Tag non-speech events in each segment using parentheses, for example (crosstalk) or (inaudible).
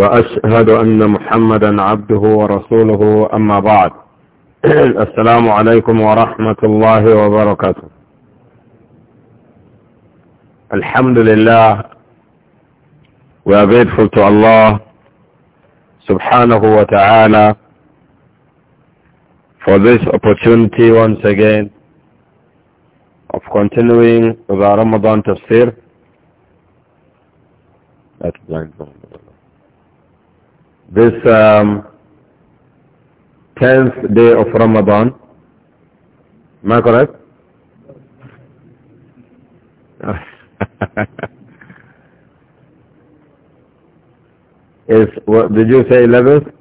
وأشهد أن محمدا عبده ورسوله أما بعد (clears throat) السلام عليكم ورحمة الله وبركاته الحمد لله وأبيت فلت الله سبحانه وتعالى for this opportunity once again of continuing the Ramadan tafsir that's going this um, 10th day of Ramadan. Am I correct? (laughs) is what did you say 11th?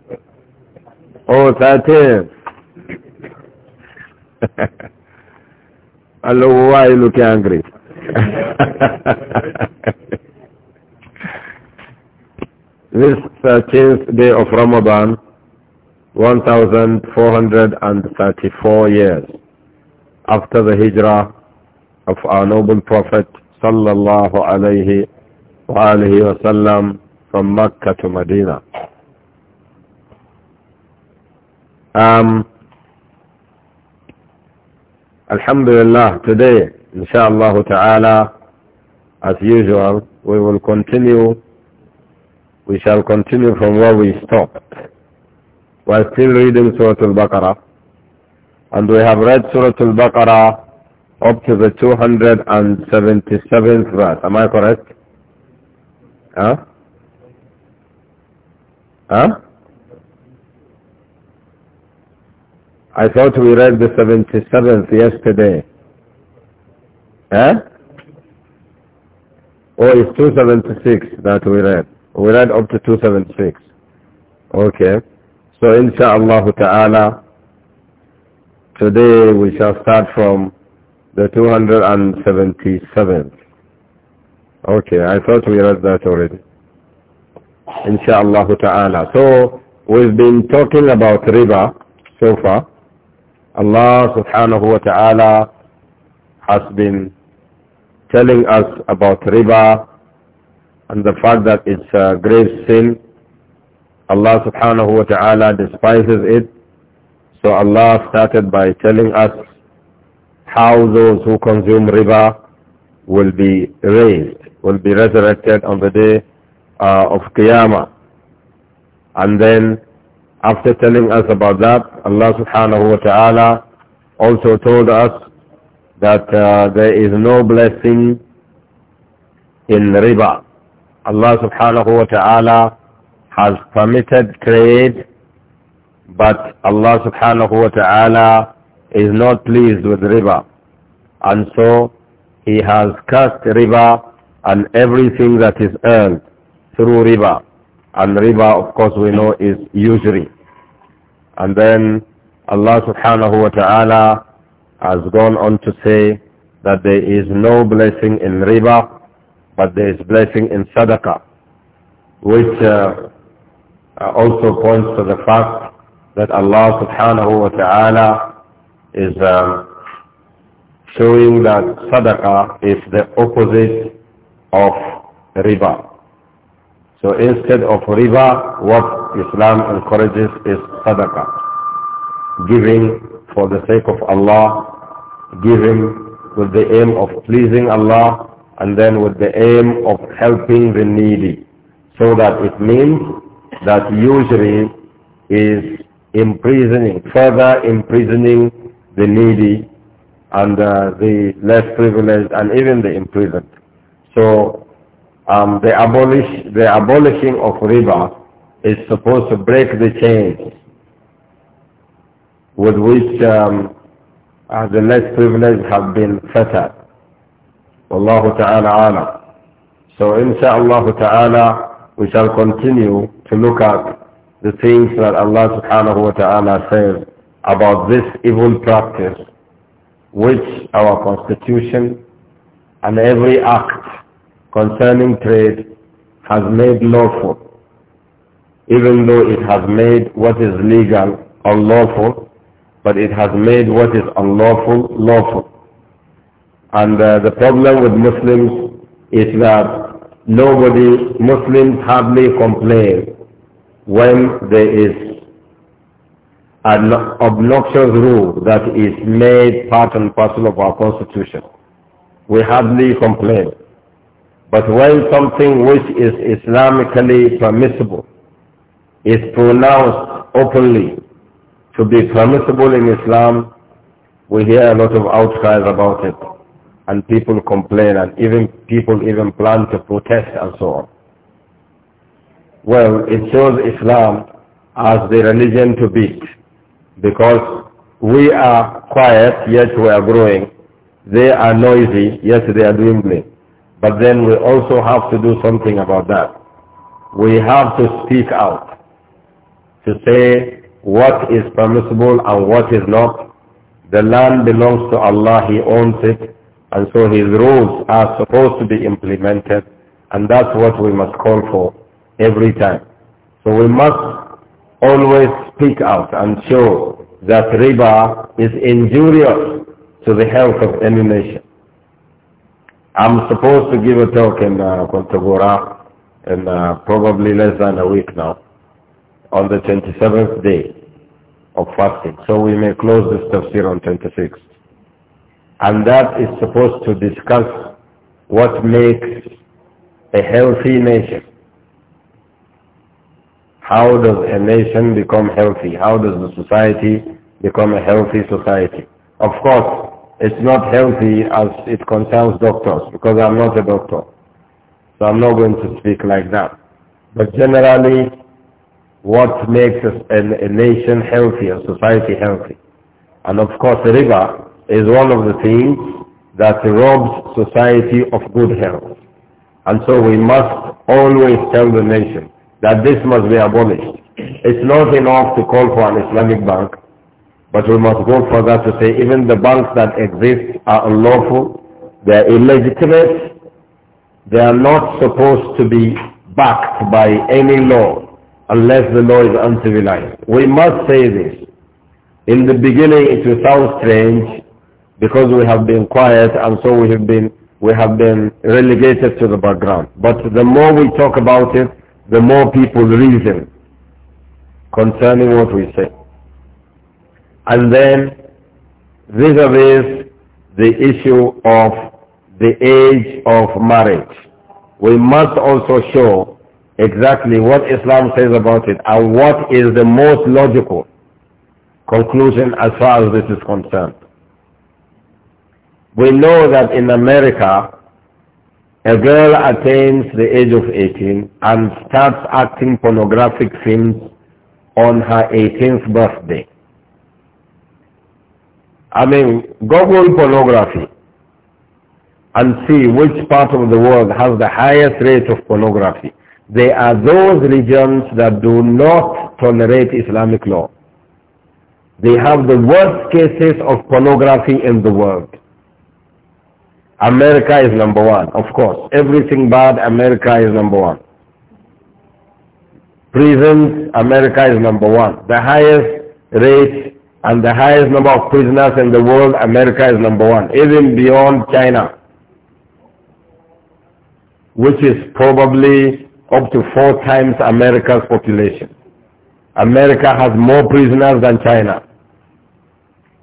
Oh, 13th. I don't know why you look angry. (laughs) This 13th day of Ramadan, 1434 years after the hijrah of our noble prophet sallallahu alayhi wa alihi wasallam from Mecca to Medina. Um, Alhamdulillah, today, inshallah ta'ala, as usual, we will continue we shall continue from where we stopped. We are still reading Surah Al-Baqarah. And we have read Surah Al-Baqarah up to the 277th verse. Am I correct? Huh? Huh? I thought we read the 77th yesterday. Eh? Oh, it's 276 that we read. We read up to 276. Okay. So insha'Allah ta'ala, today we shall start from the 277th. Okay, I thought we read that already. Insha'Allah ta'ala. So we've been talking about riba so far. Allah subhanahu wa ta'ala has been telling us about riba and the fact that it's a grave sin, Allah subhanahu wa ta'ala despises it. So Allah started by telling us how those who consume riba will be raised, will be resurrected on the day uh, of Qiyamah. And then after telling us about that, Allah subhanahu wa ta'ala also told us that uh, there is no blessing in riba. Allah subhanahu wa ta'ala has permitted trade, but Allah subhanahu wa ta'ala is not pleased with riba. And so he has cursed riba and everything that is earned through riba. And riba, of course, we know is usury. And then Allah subhanahu wa ta'ala has gone on to say that there is no blessing in riba but there is blessing in sadaqah, which uh, uh, also points to the fact that Allah subhanahu wa ta'ala is um, showing that sadaqah is the opposite of riba. So instead of riba, what Islam encourages is sadaqah. Giving for the sake of Allah, giving with the aim of pleasing Allah, and then with the aim of helping the needy. So that it means that usury is imprisoning, further imprisoning the needy and uh, the less privileged and even the imprisoned. So um, the, abolish, the abolishing of riba is supposed to break the chains with which um, uh, the less privileged have been fettered. Wallahu ta'ala alam. So insha'Allah ta'ala we shall continue to look at the things that Allah subhanahu wa ta'ala says about this evil practice which our constitution and every act concerning trade has made lawful even though it has made what is legal unlawful but it has made what is unlawful lawful and uh, the problem with Muslims is that nobody, Muslims hardly complain when there is an obnoxious rule that is made part and parcel of our constitution. We hardly complain. But when something which is Islamically permissible is pronounced openly to be permissible in Islam, we hear a lot of outcries about it and people complain and even people even plan to protest and so on. Well, it shows Islam as the religion to beat because we are quiet, yet we are growing. They are noisy, yet they are dwindling. But then we also have to do something about that. We have to speak out to say what is permissible and what is not. The land belongs to Allah, He owns it. And so his rules are supposed to be implemented and that's what we must call for every time. So we must always speak out and show that riba is injurious to the health of any nation. I'm supposed to give a talk in uh, Kontagora in uh, probably less than a week now on the 27th day of fasting. So we may close this tafsir on 26th and that is supposed to discuss what makes a healthy nation. How does a nation become healthy? How does the society become a healthy society? Of course, it's not healthy as it concerns doctors because I'm not a doctor. So I'm not going to speak like that. But generally, what makes a, a nation healthy, a society healthy? And of course, river is one of the things that robs society of good health. And so we must always tell the nation that this must be abolished. It's not enough to call for an Islamic bank, but we must go further to say even the banks that exist are unlawful, they are illegitimate, they are not supposed to be backed by any law unless the law is uncivilized. We must say this. In the beginning it will sound strange because we have been quiet and so we have been we have been relegated to the background. But the more we talk about it, the more people reason concerning what we say. And then vis-a-vis -vis the issue of the age of marriage, we must also show exactly what Islam says about it and what is the most logical conclusion as far as this is concerned. We know that in America, a girl attains the age of 18 and starts acting pornographic films on her 18th birthday. I mean, Google pornography and see which part of the world has the highest rate of pornography. They are those regions that do not tolerate Islamic law. They have the worst cases of pornography in the world. America is number one, of course. Everything bad, America is number one. Prisons, America is number one. The highest rate and the highest number of prisoners in the world, America is number one, even beyond China, which is probably up to four times America's population. America has more prisoners than China.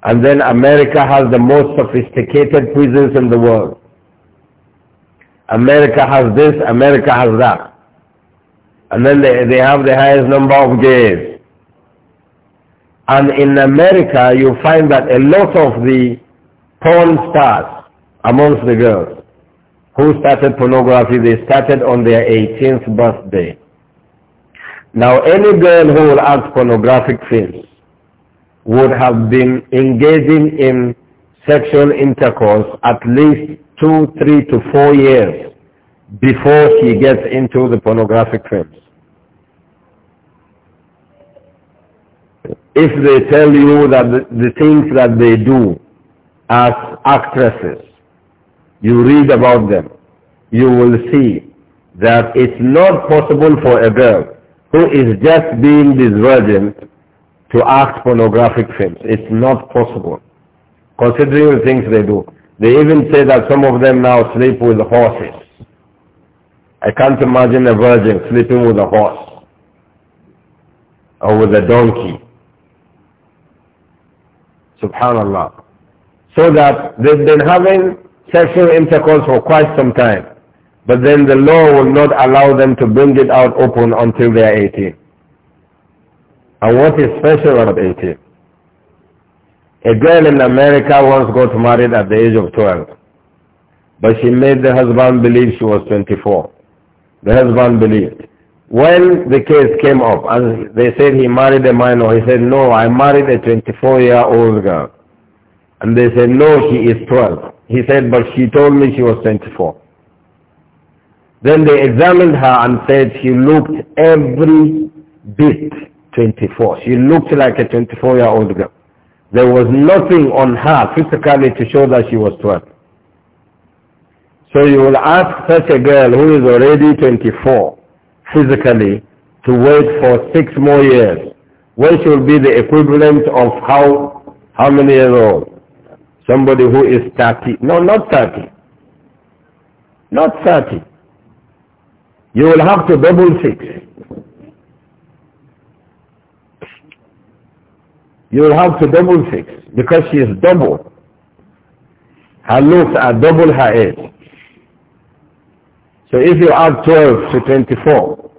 And then America has the most sophisticated prisons in the world. America has this, America has that. And then they, they have the highest number of gays. And in America, you find that a lot of the porn stars amongst the girls who started pornography, they started on their 18th birthday. Now, any girl who will act pornographic films would have been engaging in sexual intercourse at least two, three to four years before she gets into the pornographic films. If they tell you that the, the things that they do as actresses, you read about them, you will see that it's not possible for a girl who is just being this virgin to act pornographic films. It's not possible, considering the things they do. They even say that some of them now sleep with horses. I can't imagine a virgin sleeping with a horse or with a donkey. Subhanallah. So that they've been having sexual intercourse for quite some time. But then the law will not allow them to bring it out open until they are 18. And what is special about eighteen? A girl in America once got married at the age of 12. But she made the husband believe she was 24. The husband believed. When the case came up and they said he married a minor, he said, no, I married a 24-year-old girl. And they said, no, she is 12. He said, but she told me she was 24. Then they examined her and said she looked every bit 24. She looked like a 24-year-old girl. There was nothing on her physically to show that she was 12. So you will ask such a girl who is already 24 physically to wait for six more years, which will be the equivalent of how, how many years old? Somebody who is 30. No, not 30. Not 30. You will have to double six. you will have to double fix because she is double. Her looks are double her age. So if you add 12 to 24,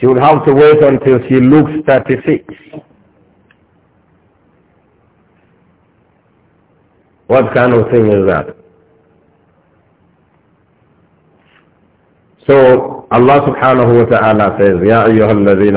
she will have to wait until she looks 36. What kind of thing is that? So Allah subhanahu wa ta'ala says, "Ya أَيُّهَا الَّذِينَ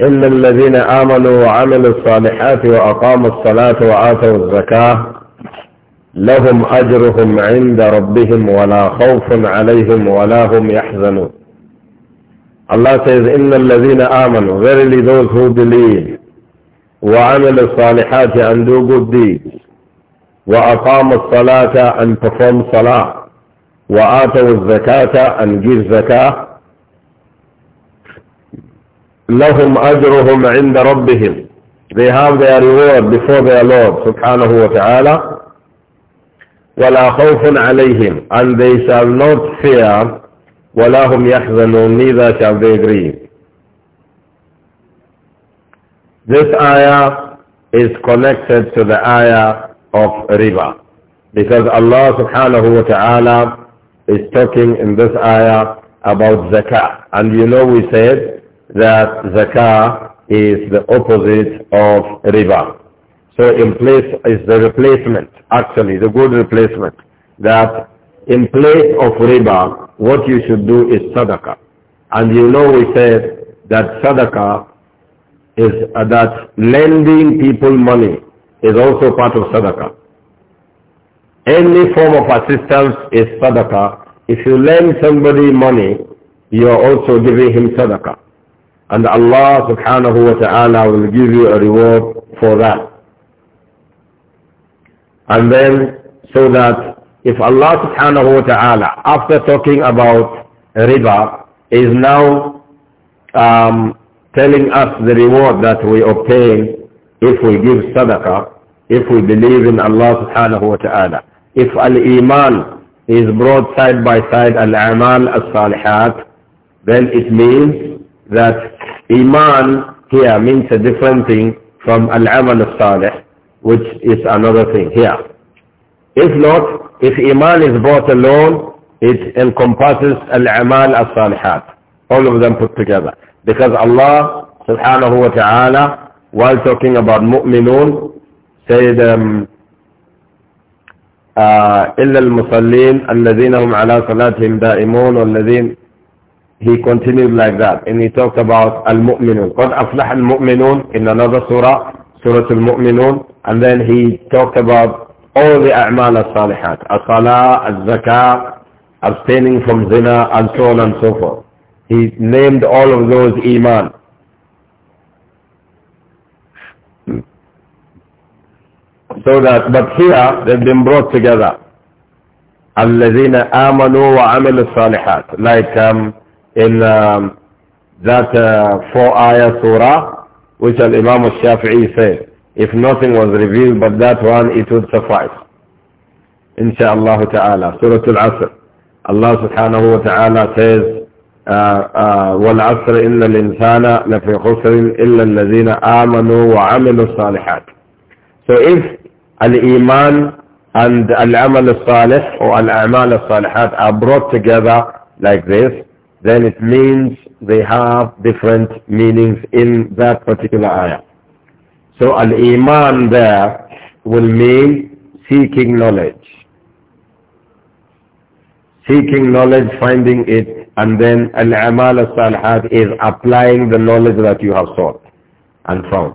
إن الذين آمنوا وعملوا الصالحات وأقاموا الصلاة وآتوا الزكاة لهم أجرهم عند ربهم ولا خوف عليهم ولا هم يحزنون Allah says, إِنَّ الَّذِينَ آمَنُوا Verily those who believe وَعَمِلُوا الصَّالِحَاتِ and do good deeds وأقام الصلاة أن perform صلاة وآتوا الزكاة أن give zakah لهم أجرهم عند ربهم they have their reward before their Lord سبحانه وتعالى ولا خوف عليهم and they shall not fear ولا هم يحزنون neither shall they grieve this ayah is connected to the ayah of riba. Because Allah subhanahu wa ta'ala is talking in this ayah about zakah. And you know we said that zakah is the opposite of riba. So in place is the replacement, actually, the good replacement. That in place of riba, what you should do is sadaqah. And you know we said that sadaqah is uh, that lending people money is also part of sadaqah. Any form of assistance is sadaqah. If you lend somebody money, you are also giving him sadaqah. And Allah subhanahu wa ta'ala will give you a reward for that. And then, so that if Allah subhanahu wa ta'ala, after talking about riba, is now um, telling us the reward that we obtain if we give sadaqah, if we believe in Allah subhanahu wa ta'ala. If al-Iman is brought side by side al-Amal al-Salihat, then it means that Iman here means a different thing from al-Amal al-Salih, which is another thing here. If not, if Iman is brought alone, it encompasses al-Amal al-Salihat, all of them put together. Because Allah subhanahu wa ta'ala, while talking about mu'minun, سيد إلا المصلين الذين هم على صلاتهم دائمون والذين he continued like that and he talked about المؤمنون قد أفلح المؤمنون in another surah surah المؤمنون and then he talked about all the أعمال الصالحات الصلاة الزكاة abstaining from zina and so on and so forth he named all of those iman So that, but here they've been brought together. الَّذِينَ آمَنُوا وَعَمِلُوا الصَّالِحَاتِ Like um, in um, that uh, four-ayah surah, which Imam al-Shafi'i said, if nothing was revealed but that one, it would suffice. Insha'Allah ta'ala. Surah Al-Asr. Allah subhanahu wa ta'ala says, والعصر إن الإنسان لفي خسر إلا الذين آمنوا وعملوا الصالحات. So if Al-Iman and Al-Amal al-Salih or Al-Amal al-Salihat are brought together like this, then it means they have different meanings in that particular ayah. So Al-Iman there will mean seeking knowledge. Seeking knowledge, finding it, and then Al-Amal al-Salihat is applying the knowledge that you have sought and found.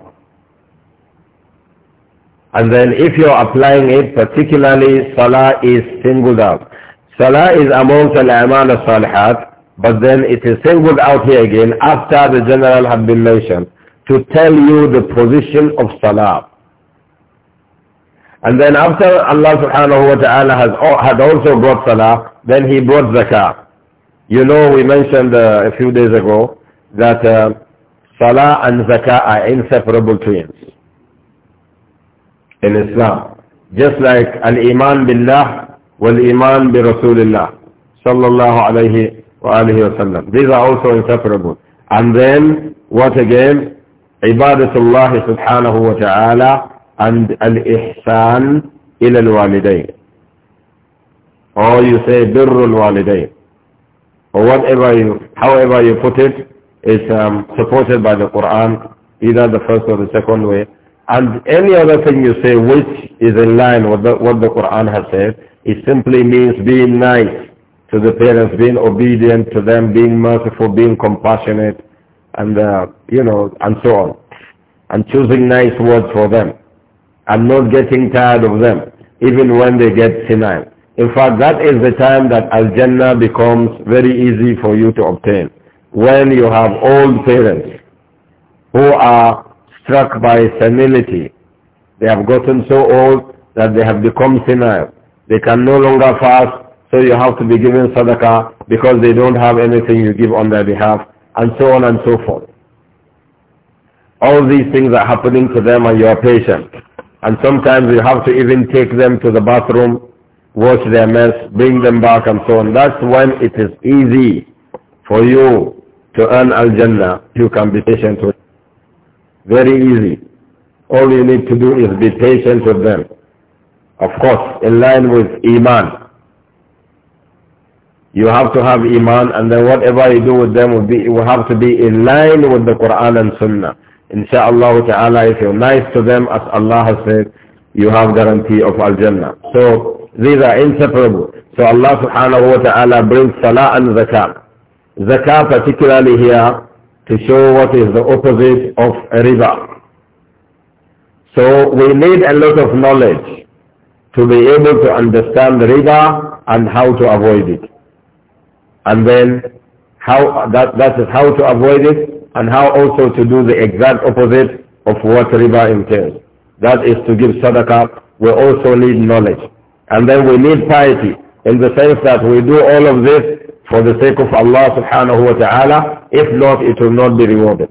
And then if you're applying it, particularly salah is singled out. Salah is amongst al-amal al-salihat, but then it is singled out here again after the general had been mentioned to tell you the position of salah. And then after Allah subhanahu wa ta'ala has, had also brought salah, then he brought zakah. You know we mentioned uh, a few days ago that uh, salah and zakah are inseparable twins in Islam. Just like al-Iman billah wal-Iman bi Rasulillah sallallahu alayhi wa alihi wa sallam. These are also inseparable. And then, what again? Ibadatullah subhanahu wa ta'ala and al-Ihsan ila al-walidayn. Or you say birrul walidayn. Or whatever you, however you put it, is um, supported by the Quran, either the first or the second way. And any other thing you say which is in line with the, what the Quran has said, it simply means being nice to the parents, being obedient to them, being merciful, being compassionate, and, uh, you know, and so on. And choosing nice words for them. And not getting tired of them, even when they get senile. In fact, that is the time that Al-Jannah becomes very easy for you to obtain. When you have old parents who are struck by senility. They have gotten so old that they have become senile. They can no longer fast, so you have to be given sadaqah because they don't have anything you give on their behalf, and so on and so forth. All these things are happening to them and you are patient. And sometimes you have to even take them to the bathroom, wash their mess, bring them back and so on. That's when it is easy for you to earn Al-Jannah. You can be patient with very easy. All you need to do is be patient with them. Of course, in line with Iman. You have to have Iman and then whatever you do with them will, be, will have to be in line with the Quran and Sunnah. Insha'Allah ta'ala, if you're nice to them, as Allah has said, you have guarantee of Al-Jannah. So these are inseparable. So Allah subhanahu wa ta'ala brings Salah and Zakah. Zakah particularly here to show what is the opposite of a riba. So we need a lot of knowledge to be able to understand riba and how to avoid it. And then how that, that is how to avoid it and how also to do the exact opposite of what riba entails. That is to give sadaqah. We also need knowledge. And then we need piety in the sense that we do all of this for the sake of Allah subhanahu wa ta'ala. If not, it will not be rewarded.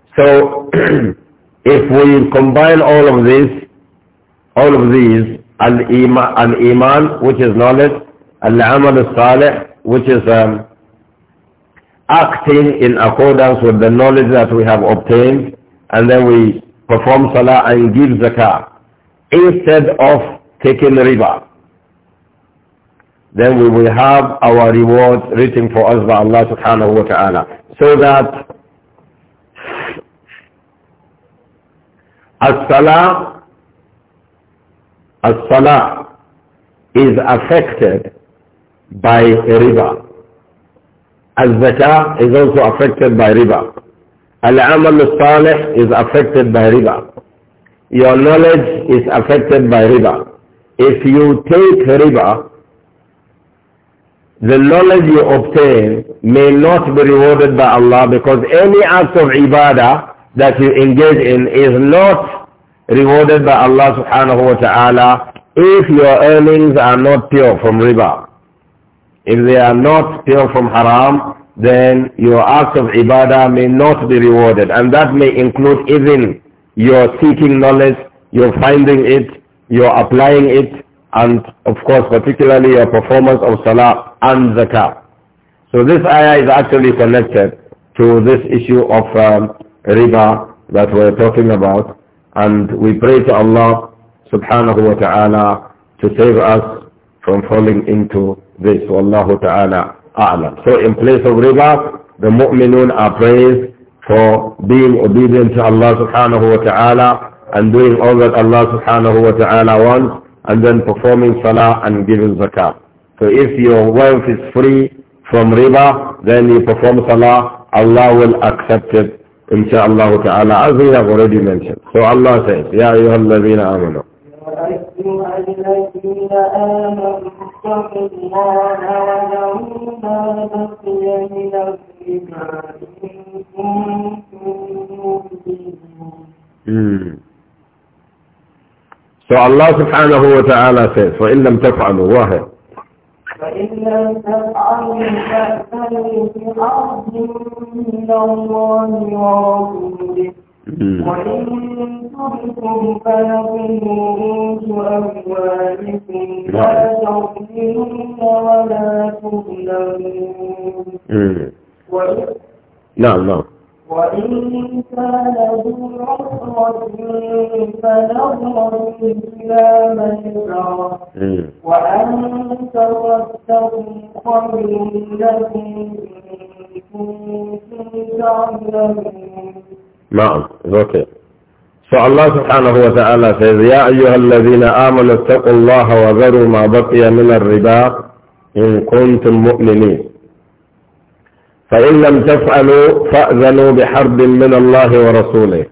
(clears throat) so (clears throat) if we combine all of this, all of these, and iman al -iman, which is knowledge, al-amal al-salih, which is um, acting in accordance with the knowledge that we have obtained, and then we perform salah and give zakah, instead of taking riba. Then we will have our rewards written for us by Allah subhanahu wa ta'ala. So that as-salah, as-salah is affected by riba. Al-zakah is also affected by riba. Al-amal al-saleh is affected by riba. Your knowledge is affected by riba. If you take riba, the knowledge you obtain may not be rewarded by Allah because any act of ibadah that you engage in is not rewarded by Allah subhanahu wa ta'ala if your earnings are not pure from riba. If they are not pure from haram, then your acts of ibadah may not be rewarded. And that may include even your seeking knowledge, your finding it, your applying it, and of course particularly your performance of salah and zakah. So this ayah is actually connected to this issue of um, riba that we're talking about. And we pray to Allah subhanahu wa ta'ala to save us from falling into this. Wallahu ta'ala a'lam. So in place of riba, the mu'minun are praised for being obedient to Allah subhanahu wa ta'ala and doing all that Allah subhanahu wa ta'ala wants and then performing salah and giving zakah. So if your wealth is free from riba, then you perform salah, Allah will accept it, inshaAllah ta'ala, as we have already mentioned. So Allah says, يَا أَيُّهَا الَّذِينَ آمَنُوا الذين آمنوا اتقوا الله وذروا ما بقي من So Allah subhanahu wa ta'ala says, فَإِن لَمْ تَفْعَلُوا وَهَا فَإِن لَمْ تَفْعَلُوا فَأْتَلُوا بِأَرْضٍ مِّنَ اللَّهِ وَرَسُولِهِ وإن تبقوا فلكم رؤوس أموالكم لا تظلمون ولا تظلمون نعم نعم وإن كان ذو عسرة فنظرة إلى ميسرة وأن ترتقوا خير لكم إن كنتم تعلمون نعم اوكي فالله سبحانه وتعالى says يا أيها الذين آمنوا اتقوا الله وذروا ما بقي من الربا إن كنتم مؤمنين فإن لم تفعلوا فأذنوا بحرب من الله ورسوله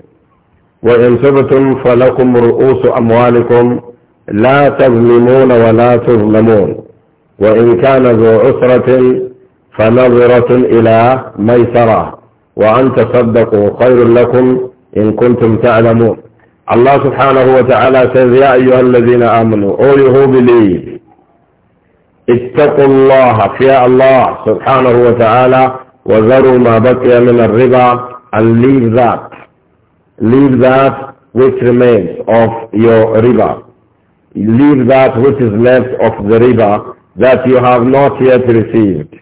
وإن تبتم فلكم رؤوس أموالكم لا تظلمون ولا تظلمون وإن كان ذو عسرة فنظرة إلى ميسره وأن تصدقوا خير لكم إن كنتم تعلمون Allah subhanahu wa ta'ala says, أيها الذين آمنوا O بلي اتقوا الله في الله سبحانه وتعالى وذروا ما بقي من الربا and leave that. Leave that which remains of your riba. Leave that which is left of the riba that you have not yet received.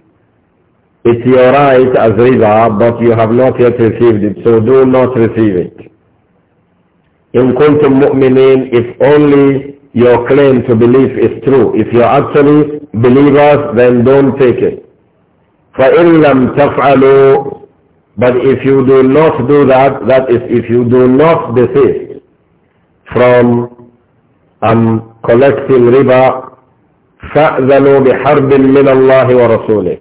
It's your right as riba, but you have not yet received it, so do not receive it. In kuntum mu'minin, if only your claim to belief is true. If you're actually believers, then don't take it. فَإِن لَمْ تَفْعَلُوا But if you do not do that, that is if you do not desist from um, collecting riba, فَأْذَنُوا بِحَرْبٍ مِّنَ اللَّهِ وَرَسُولِهِ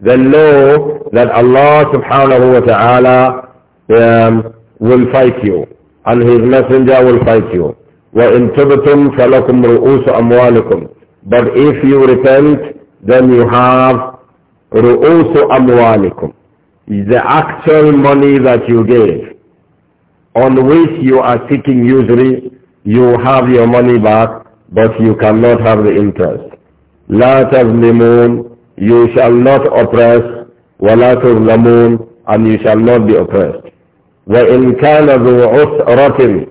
the law that Allah subhanahu wa ta'ala um, will fight you and his messenger will fight you. وَإِن تُبْتُمْ فَلَكُمْ رُؤُوسُ أَمْوَالِكُمْ But if you repent, then you have رُؤُوسُ أَمْوَالِكُمْ The actual money that you gave on which you are seeking usury, you have your money back, but you cannot have the interest. لَا تَظْلِمُونَ you shall not oppress, وَلَا تُظْلَمُونَ And you shall not be oppressed. وَإِنْ كَانَ ذُو عُسْرَةٍ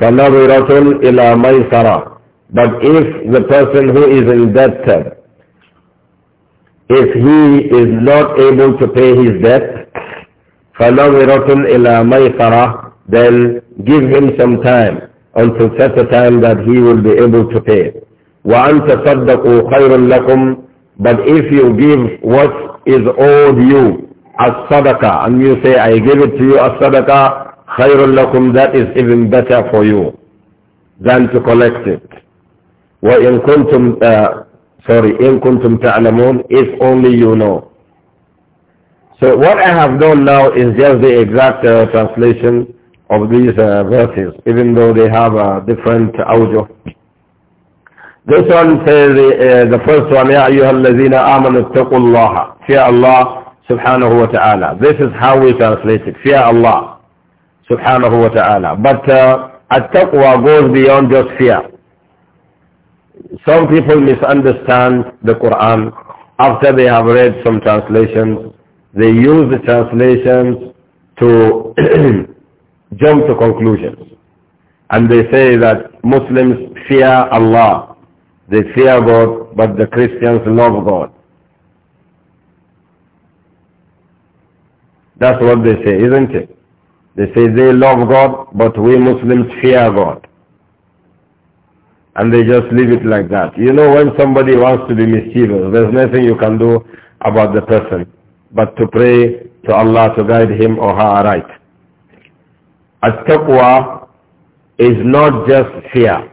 فَنَظِرَةٌ إِلَى مَيْسَرَةٍ But if the person who is in debt, if he is not able to pay his debt, فَنَظِرَةٌ إِلَى مَيْسَرَةٍ Then give him some time until such a time that he will be able to pay. وَأَنْ تَصَدَّقُوا خَيْرٌ لَكُمْ but if you give what is owed you as sadaqah, and you say, I give it to you as sadaqah, khayrul lakum, that is even better for you than to collect it. وَإِن كُنْتُمْ uh, Sorry, إِن كُنْتُمْ تَعْلَمُونَ If only you know. So what I have done now is just the exact uh, translation of these uh, verses, even though they have a different audio. This one says, uh, the first one, يَا أَيُّهَا الَّذِينَ آمَنُوا اتَّقُوا اللَّهَ Fear Allah subhanahu wa ta'ala. This is how we translate it. Fear Allah subhanahu wa ta'ala. But uh, at-taqwa goes beyond just fear. Some people misunderstand the Quran. After they have read some translations, they use the translations to (clears throat) jump to conclusions. And they say that Muslims fear Allah they fear God, but the Christians love God. That's what they say, isn't it? They say they love God, but we Muslims fear God. And they just leave it like that. You know, when somebody wants to be mischievous, there's nothing you can do about the person but to pray to Allah to guide him or her right. At-taqwa is not just fear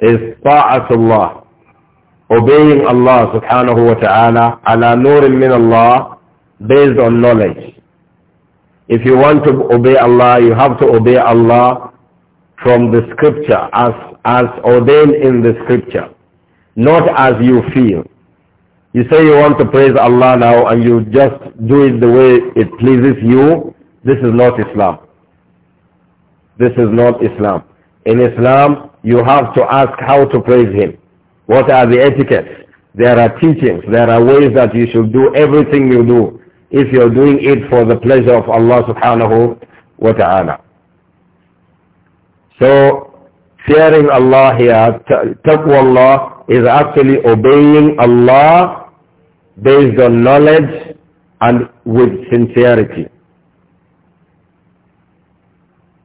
is ta'atullah, obeying Allah subhanahu wa ta'ala, ala nurin min Allah, based on knowledge. If you want to obey Allah, you have to obey Allah from the scripture, as, as ordained in the scripture, not as you feel. You say you want to praise Allah now and you just do it the way it pleases you, this is not Islam. This is not Islam. In Islam, you have to ask how to praise him. What are the etiquettes? There are teachings. There are ways that you should do everything you do if you're doing it for the pleasure of Allah subhanahu wa ta'ala. So fearing Allah here, taqwa Allah is actually obeying Allah based on knowledge and with sincerity.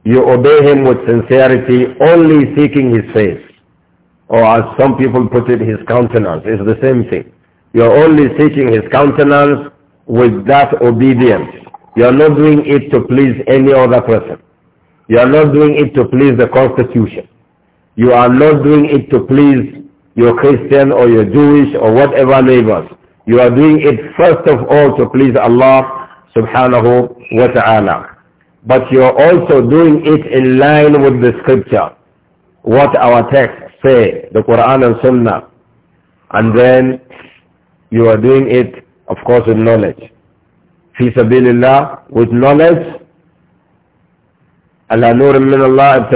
You obey him with sincerity, only seeking his face. Or as some people put it, his countenance. It's the same thing. You're only seeking his countenance with that obedience. You're not doing it to please any other person. You are not doing it to please the constitution. You are not doing it to please your Christian or your Jewish or whatever neighbors. You are doing it first of all to please Allah subhanahu wa ta'ala but you're also doing it in line with the scripture, what our texts say, the Quran and Sunnah. And then you are doing it, of course, with knowledge. Fi sabilillah, with knowledge, ala nur min Allah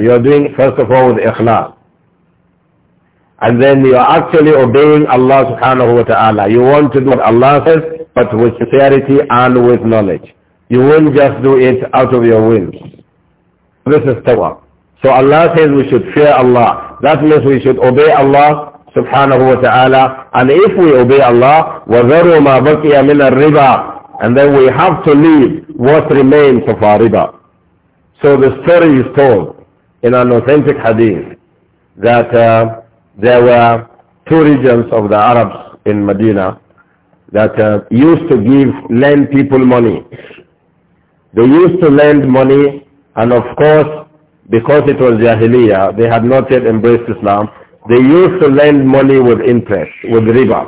You are doing it, first of all with ikhlaq, And then you are actually obeying Allah subhanahu wa ta'ala. You want to do what Allah says, but with sincerity and with knowledge. You won't just do it out of your will. This is taqwa. So Allah says we should fear Allah. That means we should obey Allah subhanahu wa ta'ala. And if we obey Allah, وَذَرُوا مَا بَقِيَ مِنَ الرِّبَى And then we have to leave what remains of our riba. So the story is told in an authentic hadith that uh, there were two regions of the Arabs in Medina that uh, used to give lend people money they used to lend money and of course, because it was Jahiliyyah, they had not yet embraced Islam, they used to lend money with interest, with riba.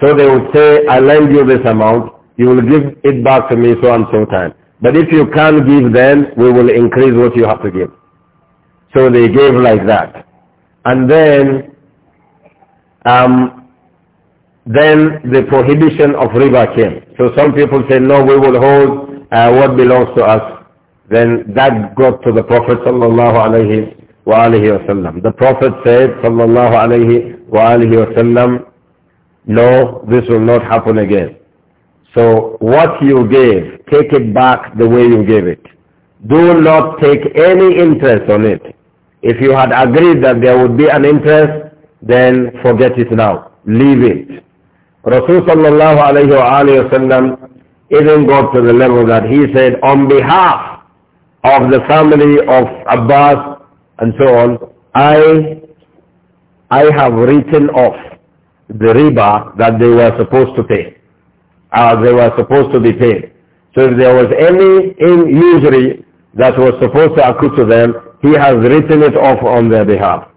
So they would say, I lend you this amount, you will give it back to me so and so time. But if you can't give then, we will increase what you have to give. So they gave like that. And then, um, then the prohibition of riba came. So some people say, no, we will hold uh, what belongs to us, then that got to the Prophet sallallahu alayhi wa wasallam. The Prophet said sallallahu alayhi wa wasallam, no, this will not happen again. So what you gave, take it back the way you gave it. Do not take any interest on it. If you had agreed that there would be an interest, then forget it now. Leave it. Rasulullah sallallahu alayhi wa sallam even got to the level that he said, on behalf of the family of Abbas and so on, I, I have written off the riba that they were supposed to pay, uh, they were supposed to be paid. So if there was any in usury that was supposed to accrue to them, he has written it off on their behalf.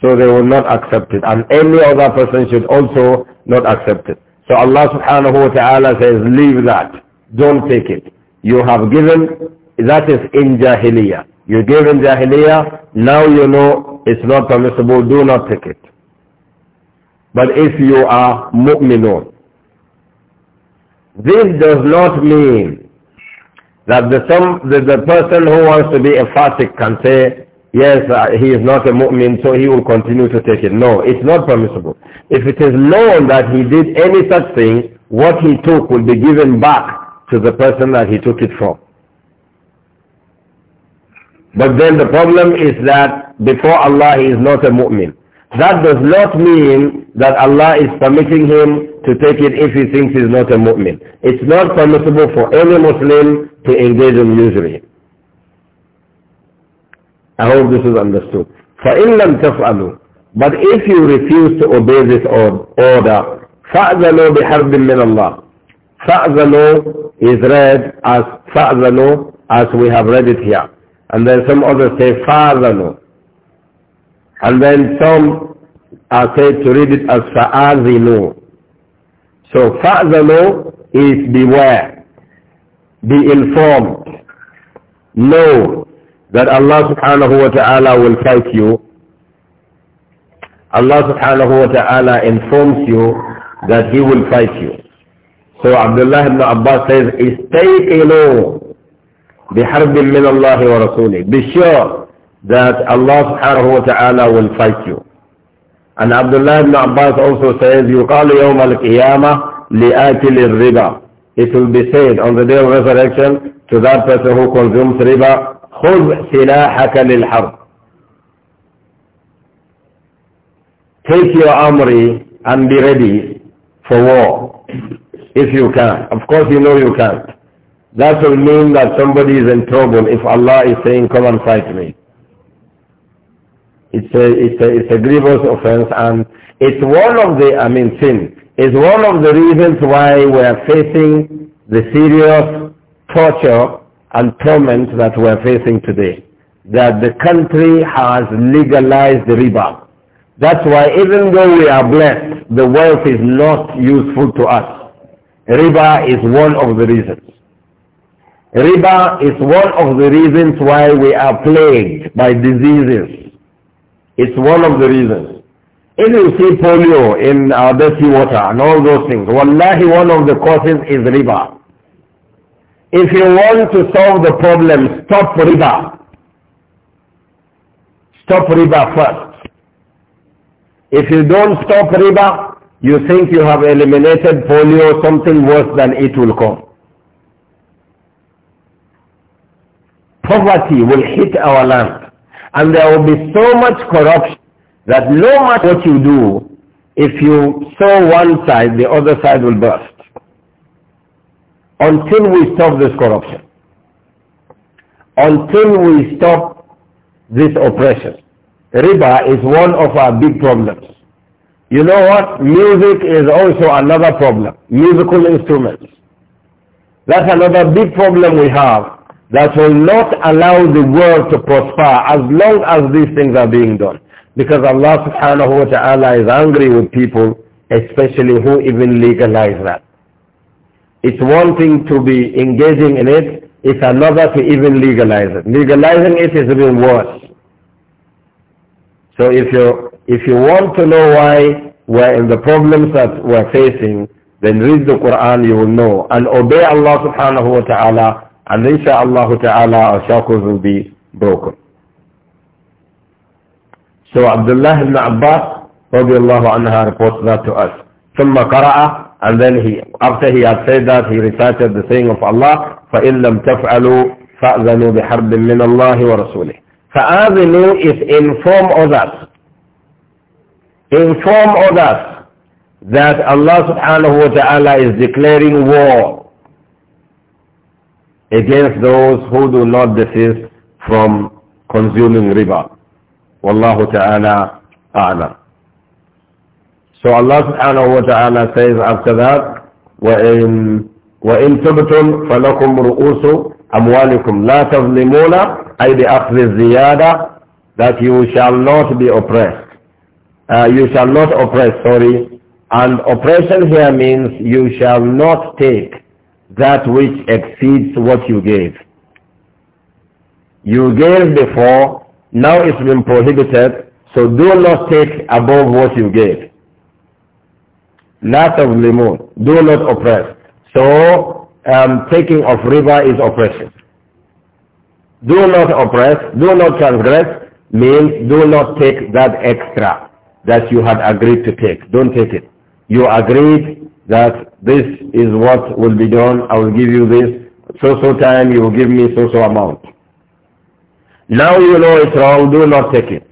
So they will not accept it. And any other person should also not accept it. So Allah subhanahu wa ta'ala says, leave that. Don't take it. You have given, that is in Jahiliyyah. You gave in Jahiliyyah, now you know it's not permissible, do not take it. But if you are mu'minun, this does not mean that the, some, that the person who wants to be a emphatic can say, yes, uh, he is not a mu'min, so he will continue to take it. No, it's not permissible. If it is known that he did any such thing, what he took will be given back to the person that he took it from. But then the problem is that before Allah he is not a mu'min. That does not mean that Allah is permitting him to take it if he thinks he's not a mu'min. It's not permissible for any Muslim to engage in usury. I hope this is understood. فَإِن لَمْ تَفْعَلُوا But if you refuse to obey this order, فَأْذَنُوا بِحَرْبٍ مِّنَ اللَّهِ فَأْذَنُوا is read as فَأْذَنُوا as we have read it here. And then some others say فَأْذَنُوا. And then some are said to read it as فَأَذِنُوا. So فَأْذَنُوا is beware, be informed, know, that Allah subhanahu wa ta'ala will fight you. Allah subhanahu wa ta'ala informs you that he will fight you. So Abdullah ibn Abbas says, Istayqilu biharbin min Allah wa rasulih. Be sure that Allah subhanahu wa ta'ala will fight you. And Abdullah ibn Abbas also says, يقال يوم القيامة لآكل الربا. It will be said on the day of resurrection to that person who consumes riba, خذ سلاحك للحرب take your armory and be ready for war if you can of course you know you can't that will mean that somebody is in trouble if Allah is saying come and fight me it's a, it's a, it's a grievous offense and it's one of the, I mean sin, is one of the reasons why we are facing the serious torture and torment that we're facing today. That the country has legalized riba. That's why even though we are blessed, the wealth is not useful to us. Riba is one of the reasons. Riba is one of the reasons why we are plagued by diseases. It's one of the reasons. If you see polio in our dirty water and all those things, wallahi one of the causes is riba. If you want to solve the problem, stop river. Stop river first. If you don't stop river, you think you have eliminated polio, something worse than it will come. Poverty will hit our land. And there will be so much corruption that no matter what you do, if you sow one side, the other side will burst until we stop this corruption, until we stop this oppression. Riba is one of our big problems. You know what? Music is also another problem. Musical instruments. That's another big problem we have that will not allow the world to prosper as long as these things are being done. Because Allah subhanahu wa ta'ala is angry with people, especially who even legalize that. It's one thing to be engaging in it, it's another to even legalize it. Legalizing it is even worse. So if you, if you want to know why we're in the problems that we're facing, then read the Quran, you will know. And obey Allah subhanahu wa ta'ala, and insha'Allah ta'ala our shackles will be broken. So Abdullah ibn Abbas, radiallahu anha, reports that to us. ثم قرأ and then he, after he had said that, he recited the saying of Allah, فَإِن لَمْ تَفْعَلُوا فَأْذَنُوا بِحَرْبٍ مِّنَ اللَّهِ وَرَسُولِهِ فَأَذِنُوا is inform others. Inform others that Allah subhanahu wa ta'ala is declaring war against those who do not desist from consuming riba. Wallahu ta'ala a'lam. So Allah subhanahu wa ta'ala says after that, وَإِن, وَإِن تُبْتُمْ فَلَكُمْ رُؤُوسُ أَمْوَالِكُمْ لَا تَظْلِمُونَ أَيْ بِأَخْذِ الزِّيَادَةِ That you shall not be oppressed. Uh, you shall not oppress, sorry. And oppression here means you shall not take that which exceeds what you gave. You gave before, now it's been prohibited, so do not take above what you gave of tazlimun. Do not oppress. So, um, taking of river is oppression. Do not oppress, do not transgress means do not take that extra that you had agreed to take. Don't take it. You agreed that this is what will be done. I will give you this. So, so time, you will give me so, so amount. Now you know it's wrong. Do not take it.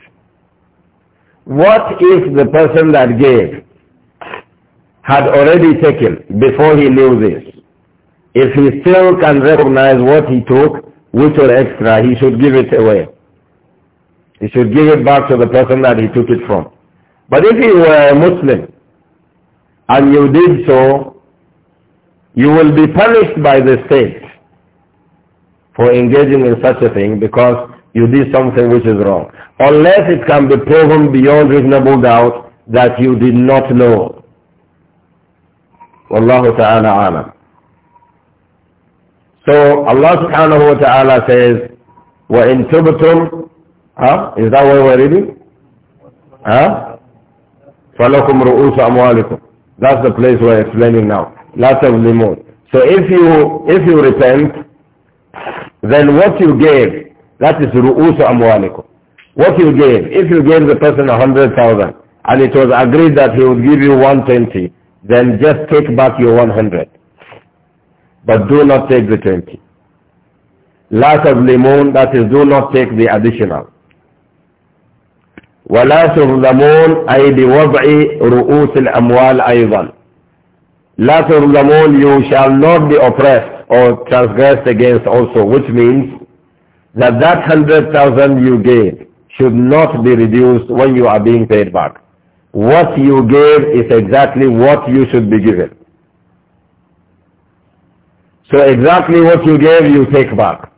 What if the person that gave had already taken before he knew this. If he still can recognize what he took, which was extra, he should give it away. He should give it back to the person that he took it from. But if you were a Muslim and you did so, you will be punished by the state for engaging in such a thing because you did something which is wrong. Unless it can be proven beyond reasonable doubt that you did not know. Wallahu ta'ala alam. So Allah subhanahu wa ta'ala says, وَإِن تُبْتُمْ huh? Is that what we're reading? Huh? فَلَكُمْ رُؤُوسُ أَمْوَالِكُمْ That's the place we're explaining now. Lots of limon. So if you, if you repent, then what you gave, that is رُؤُوسُ أَمْوَالِكُمْ What you gave, if you gave the person a hundred thousand, and it was agreed that he would give you one twenty, then just take back your 100. But do not take the 20. Last of limon, that is, do not take the additional. ولا تظلمون أي بوضع رؤوس الأموال أيضا لا تظلمون you shall not be oppressed or transgressed against also which means that that hundred thousand you gave should not be reduced when you are being paid back what you gave is exactly what you should be given. So exactly what you gave, you take back.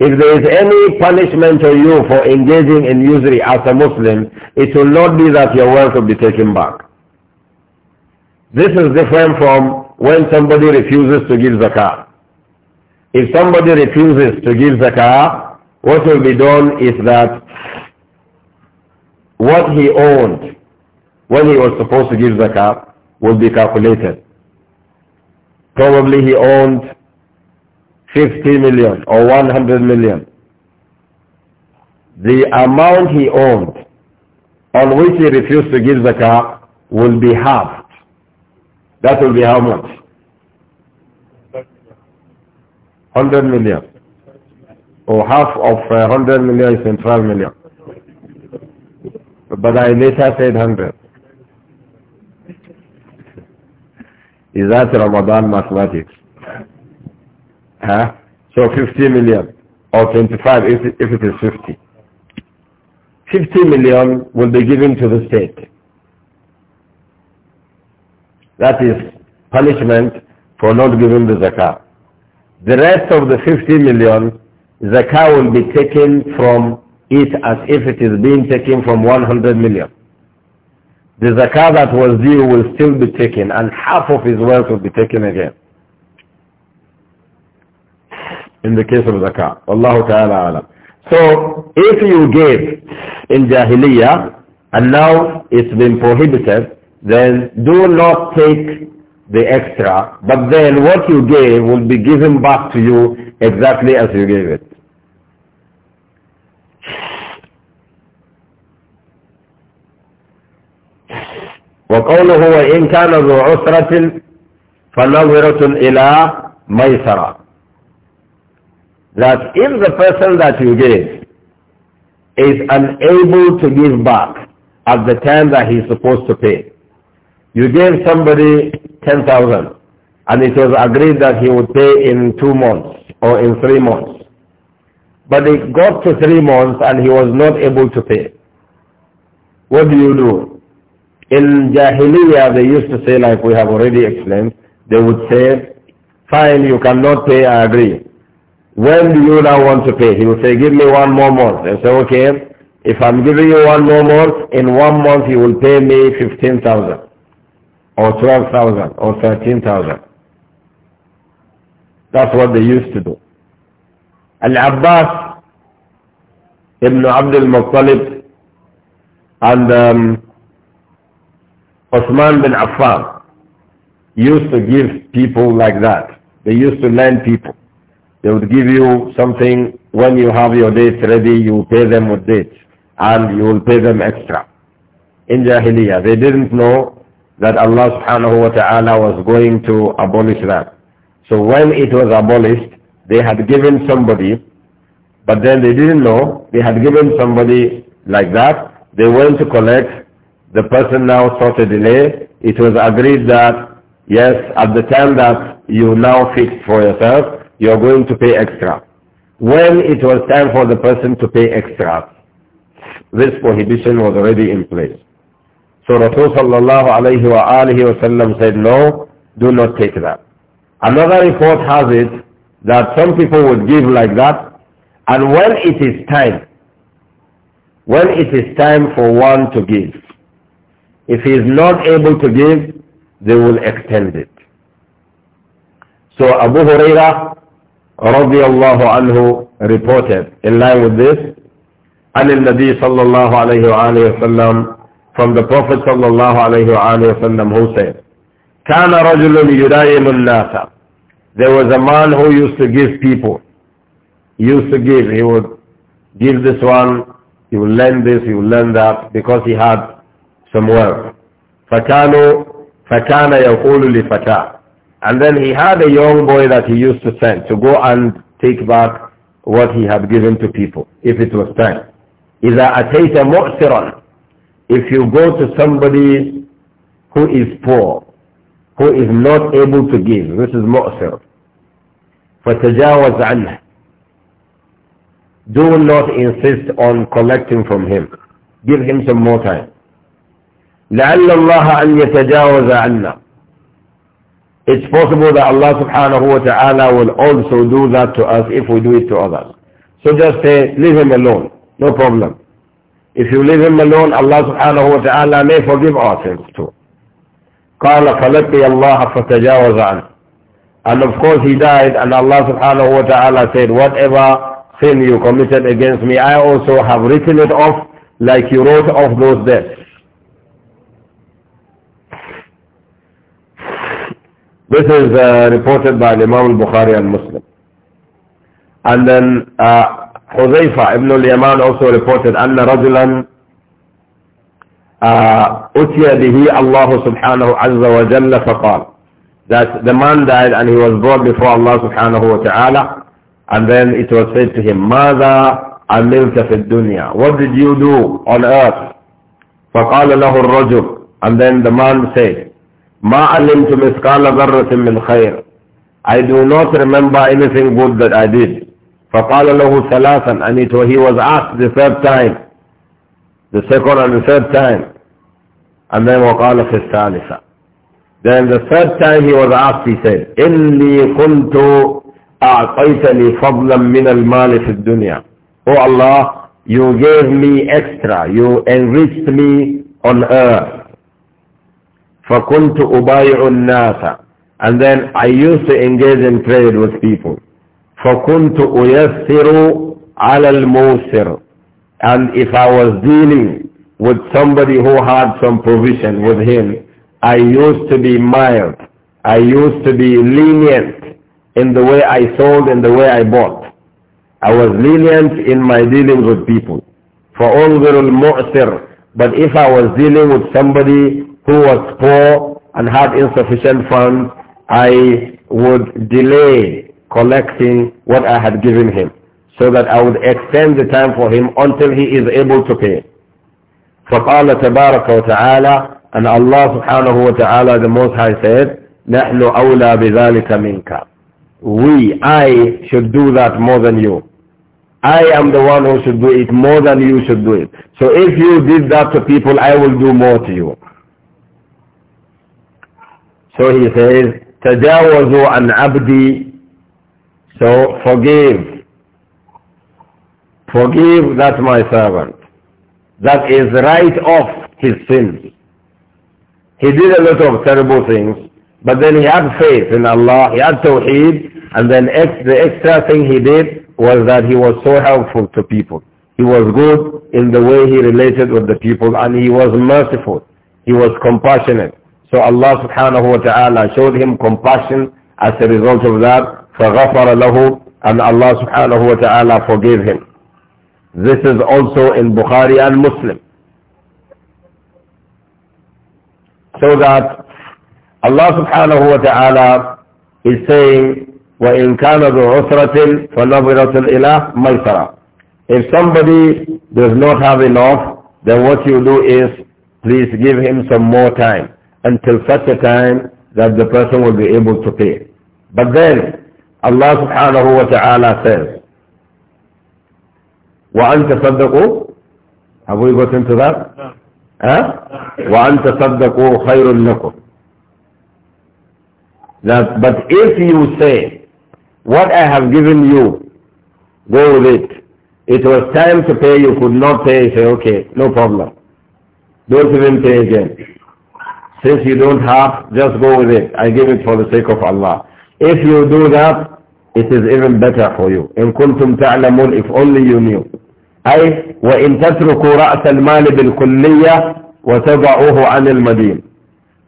If there is any punishment to you for engaging in usury as a Muslim, it will not be that your wealth will be taken back. This is different from when somebody refuses to give zakah. If somebody refuses to give zakah, what will be done is that what he owned when he was supposed to give car, will be calculated. Probably he owned 50 million or 100 million. The amount he owned on which he refused to give car, will be halved. That will be how much? 100 million. Or half of uh, 100 million is in 12 million. But I later said 100. Is that Ramadan mathematics? Huh? So 50 million or 25 if, if it is 50. 50 million will be given to the state. That is punishment for not giving the zakah. The rest of the 50 million, zakah will be taken from it as if it is being taken from 100 million. The zakah that was due will still be taken and half of his wealth will be taken again. In the case of zakah. Allah ta'ala alam. So if you gave in Jahiliyyah and now it's been prohibited, then do not take the extra, but then what you gave will be given back to you exactly as you gave it. وقوله وإن كان ذو عسرة فنظرة إلى ميسرة that if the person that you gave is unable to give back at the time that he's supposed to pay, you gave somebody 10,000 and it was agreed that he would pay in two months or in three months. But it got to three months and he was not able to pay. What do you do? In Jahiliyyah, they used to say, like we have already explained, they would say, fine, you cannot pay, I agree. When do you now want to pay? He would say, give me one more month. They say, okay, if I'm giving you one more month, in one month you will pay me 15,000 or 12,000 or 13,000. That's what they used to do. Al-Abbas ibn Abdul Muttalib and um, Osman bin Affan used to give people like that. They used to lend people. They would give you something when you have your dates ready, you pay them with dates and you will pay them extra. In Jahiliyyah, they didn't know that Allah subhanahu wa ta'ala was going to abolish that. So when it was abolished, they had given somebody, but then they didn't know, they had given somebody like that. They went to collect the person now sought a delay. It was agreed that, yes, at the time that you now fixed for yourself, you are going to pay extra. When it was time for the person to pay extra, this prohibition was already in place. So Rasulullah sallallahu alayhi wa sallam said, no, do not take that. Another report has it that some people would give like that, and when it is time, when it is time for one to give, if he is not able to give, they will extend it. So Abu Huraira radiallahu anhu reported in line with this, عن النبي sallallahu الله عليه sallam وسلم from the Prophet sallallahu الله عليه sallam وسلم who said كان رجل يداين الناس there was a man who used to give people he used to give he would give this one he would lend this he would lend that because he had some wealth. Fakano, Fakana Yaqulu li And then he had a young boy that he used to send to go and take back what he had given to people, if it was time. إِذَا أَتَيْتَ مُؤْسِرًا If you go to somebody who is poor, who is not able to give, this is مؤسر, فَتَجَاوَزْ عَنْهُ Do not insist on collecting from him. Give him some more time. لعل الله أن يتجاوز عنا It's possible that Allah subhanahu wa ta'ala will also do that to us if we do it to others. So just say, leave him alone. No problem. If you leave him alone, Allah subhanahu wa ta'ala may forgive ourselves too. قال فلقي الله فتجاوز عنه And of course he died and Allah subhanahu wa ta'ala said, whatever sin you committed against me, I also have written it off like you wrote off those debts. This is uh, reported by Imam al-Bukhari and Muslim. And then uh, Huzaifa ibn al-Yaman also reported, أن رجلا أتي به الله سبحانه عز وجل فقال that the man died and he was brought before Allah subhanahu wa ta'ala and then it was said to him ماذا عملت في الدنيا what did you do on earth فقال له الرجل and then the man said ما علمت مثقال ذرة من خير I do not remember anything good that I did فقال له ثلاثا and it he was asked the third time the second and the third time and then وقال في الثالثة then the third time he was asked he said إني كنت أعطيتني فضلا من المال في الدنيا Oh Allah you gave me extra you enriched me on earth فَكُنْتُ أُبَايِعُ النَّاسَ And then I used to engage in trade with people. فَكُنْتُ أُيَسِّرُ عَلَى الْمُوسِرُ And if I was dealing with somebody who had some provision with him, I used to be mild. I used to be lenient in the way I sold and the way I bought. I was lenient in my dealings with people. فَأُنْظِرُ الْمُعْسِرُ But if I was dealing with somebody who was poor and had insufficient funds, I would delay collecting what I had given him so that I would extend the time for him until he is able to pay. فقال تبارك وتعالى and Allah subhanahu wa ta'ala the Most High said نحن أولى بذلك منك we, I should do that more than you I am the one who should do it more than you should do it so if you did that to people I will do more to you so he says, تجاوزوا عن abdi. So forgive. Forgive that my servant. That is right off his sins. He did a lot of terrible things, but then he had faith in Allah, he had tawheed, and then ex the extra thing he did was that he was so helpful to people. He was good in the way he related with the people, and he was merciful. He was compassionate. So Allah subhanahu wa ta'ala showed him compassion as a result of that. فَغَفَرَ لَهُ And Allah subhanahu wa ta'ala forgave him. This is also in Bukhari and Muslim. So that Allah subhanahu wa ta'ala is saying, وَإِن كَانَ ذُو عُسْرَةٍ فَنَظِرَةٌ إِلَىٰ مَيْسَرَةٍ If somebody does not have enough, then what you do is, please give him some more time until such a time that the person will be able to pay. But then Allah subhanahu wa ta'ala says, "وَأَنْتَ صَدَقُوا". Have we got into that? No. Huh? No. وَأَنْ تَصَدَّقُوا خَيْرٌ لَكُمْ that, But if you say, what I have given you, go with it. It was time to pay, you could not pay, say, okay, no problem. Don't even pay again. Since you don't have, just go with it. I give it for the sake of Allah. If you do that, it is even better for you. إن kuntum ta'lamun if only you knew. أي وإن تتركوا رأس المال بالكلية وتضعوه عن المدين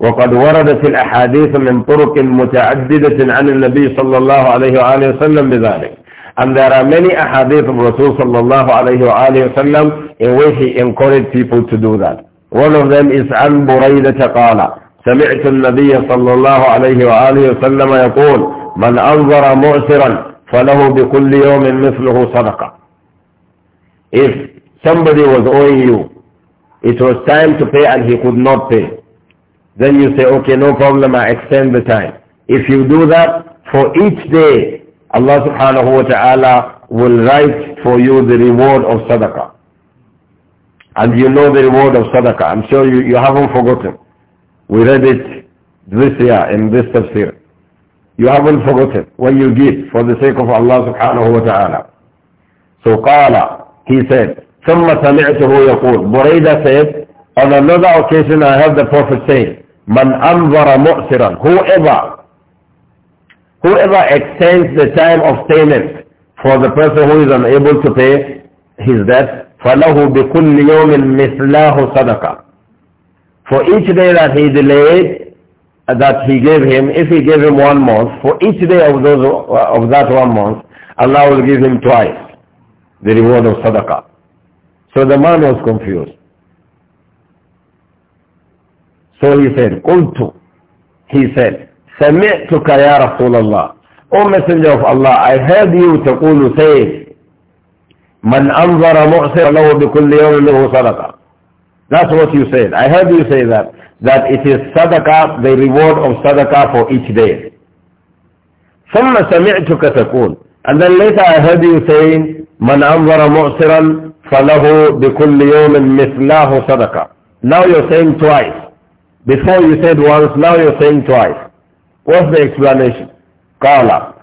وقد وردت الأحاديث من طرق متعددة عن النبي صلى الله عليه وآله وسلم بذلك And there are many ahadith of Rasul sallallahu alayhi wa in which he encouraged people to do that. One of them is An قال سمعت النبي صلى الله عليه وآله وسلم يقول من أنظر معسرا فله بكل يوم مثله صدقة If somebody was owing you, it was time to pay and he could not pay. Then you say, okay, no problem, I extend the time. If you do that, for each day, Allah subhanahu wa ta'ala will write for you the reward of sadaqah. And you know the reward of sadaqah. I'm sure you, you haven't forgotten. We read it this year in this tafsir. You haven't forgotten when you give for the sake of Allah subhanahu wa ta'ala. So qala, he said, ثم سمعته يقول Buraida said, on another occasion I heard the Prophet say, من أنظر مؤسرا whoever whoever extends the time of payment for the person who is unable to pay his debt فَلَهُ بِكُلِّ يَوْمٍ مِثْلَاهُ For each day that he delayed, that he gave him, if he gave him one month, for each day of, those, of that one month, Allah will give him twice the reward of sadaqah. So the man was confused. So he said, قُلْتُ He said, سَمِعْتُكَ يَا رَسُولَ اللَّهِ O Messenger of Allah, I heard you تقول say, Man anzara mu'sir lahu bi kulli yawmin That's what you said. I heard you say that. That it is sadaqah, the reward of sadaqah for each day. ثم سمعتك تقول and then later I heard you saying من أنظر معصرا فله بكل يوم مثلاه صدقة now you're saying twice before you said once now you're saying twice what's the explanation قال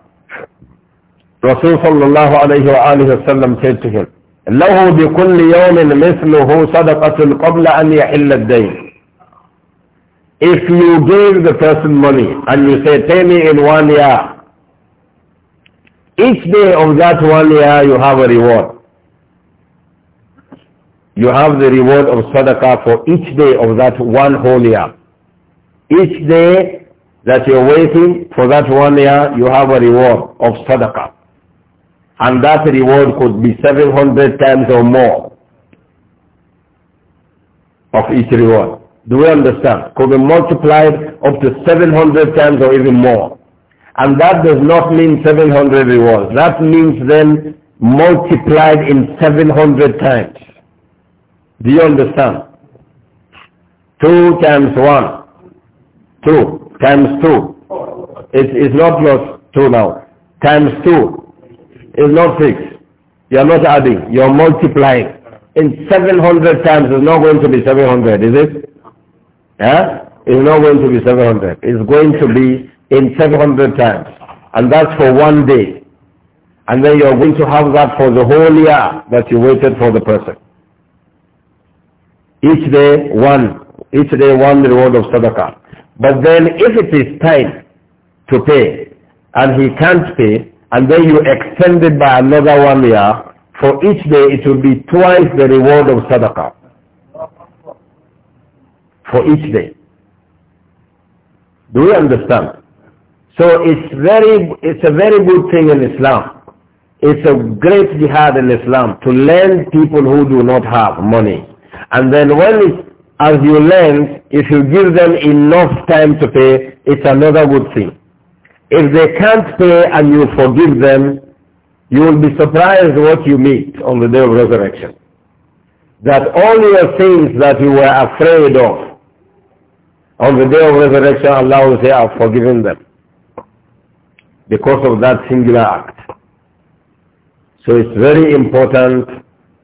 Rasul sallallahu alayhi said to him, له بكل يوم مثله صدقة قبل أن يحل الدين If you gave the person money and you say, pay me in one year, each day of that one year you have a reward. You have the reward of sadaqah for each day of that one whole year. Each day that you're waiting for that one year, you have a reward of sadaqah and that reward could be 700 times or more of each reward. Do we understand? Could be multiplied up to 700 times or even more. And that does not mean 700 rewards. That means then multiplied in 700 times. Do you understand? 2 times 1. 2 times 2. It is not plus just 2 now. Times 2 is not fixed. You are not adding, you are multiplying. In 700 times, it's not going to be 700, is it? Yeah, It's not going to be 700. It's going to be in 700 times. And that's for one day. And then you're going to have that for the whole year that you waited for the person. Each day, one. Each day, one reward of sadaqah. But then if it is time to pay, and he can't pay, and then you extend it by another one year, for each day it will be twice the reward of sadaqah. For each day. Do you understand? So it's very, it's a very good thing in Islam. It's a great jihad in Islam to lend people who do not have money. And then when as you lend, if you give them enough time to pay, it's another good thing. If they can't pay and you forgive them, you will be surprised what you meet on the day of resurrection. That all your things that you were afraid of, on the day of resurrection, Allah will say, I've forgiven them. Because of that singular act. So it's very important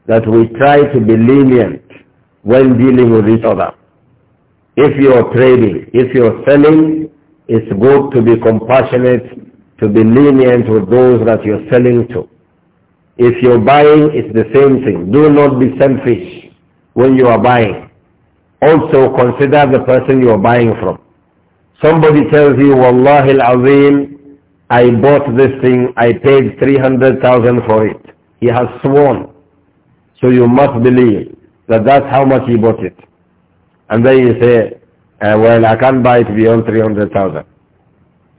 that we try to be lenient when dealing with each other. If you're trading, if you're selling, it's good to be compassionate, to be lenient with those that you're selling to. If you're buying, it's the same thing. Do not be selfish when you are buying. Also consider the person you are buying from. Somebody tells you, Wallahi al-Azim, I bought this thing, I paid 300,000 for it. He has sworn. So you must believe that that's how much he bought it. And then you say, uh, well, I can't buy it beyond 300,000.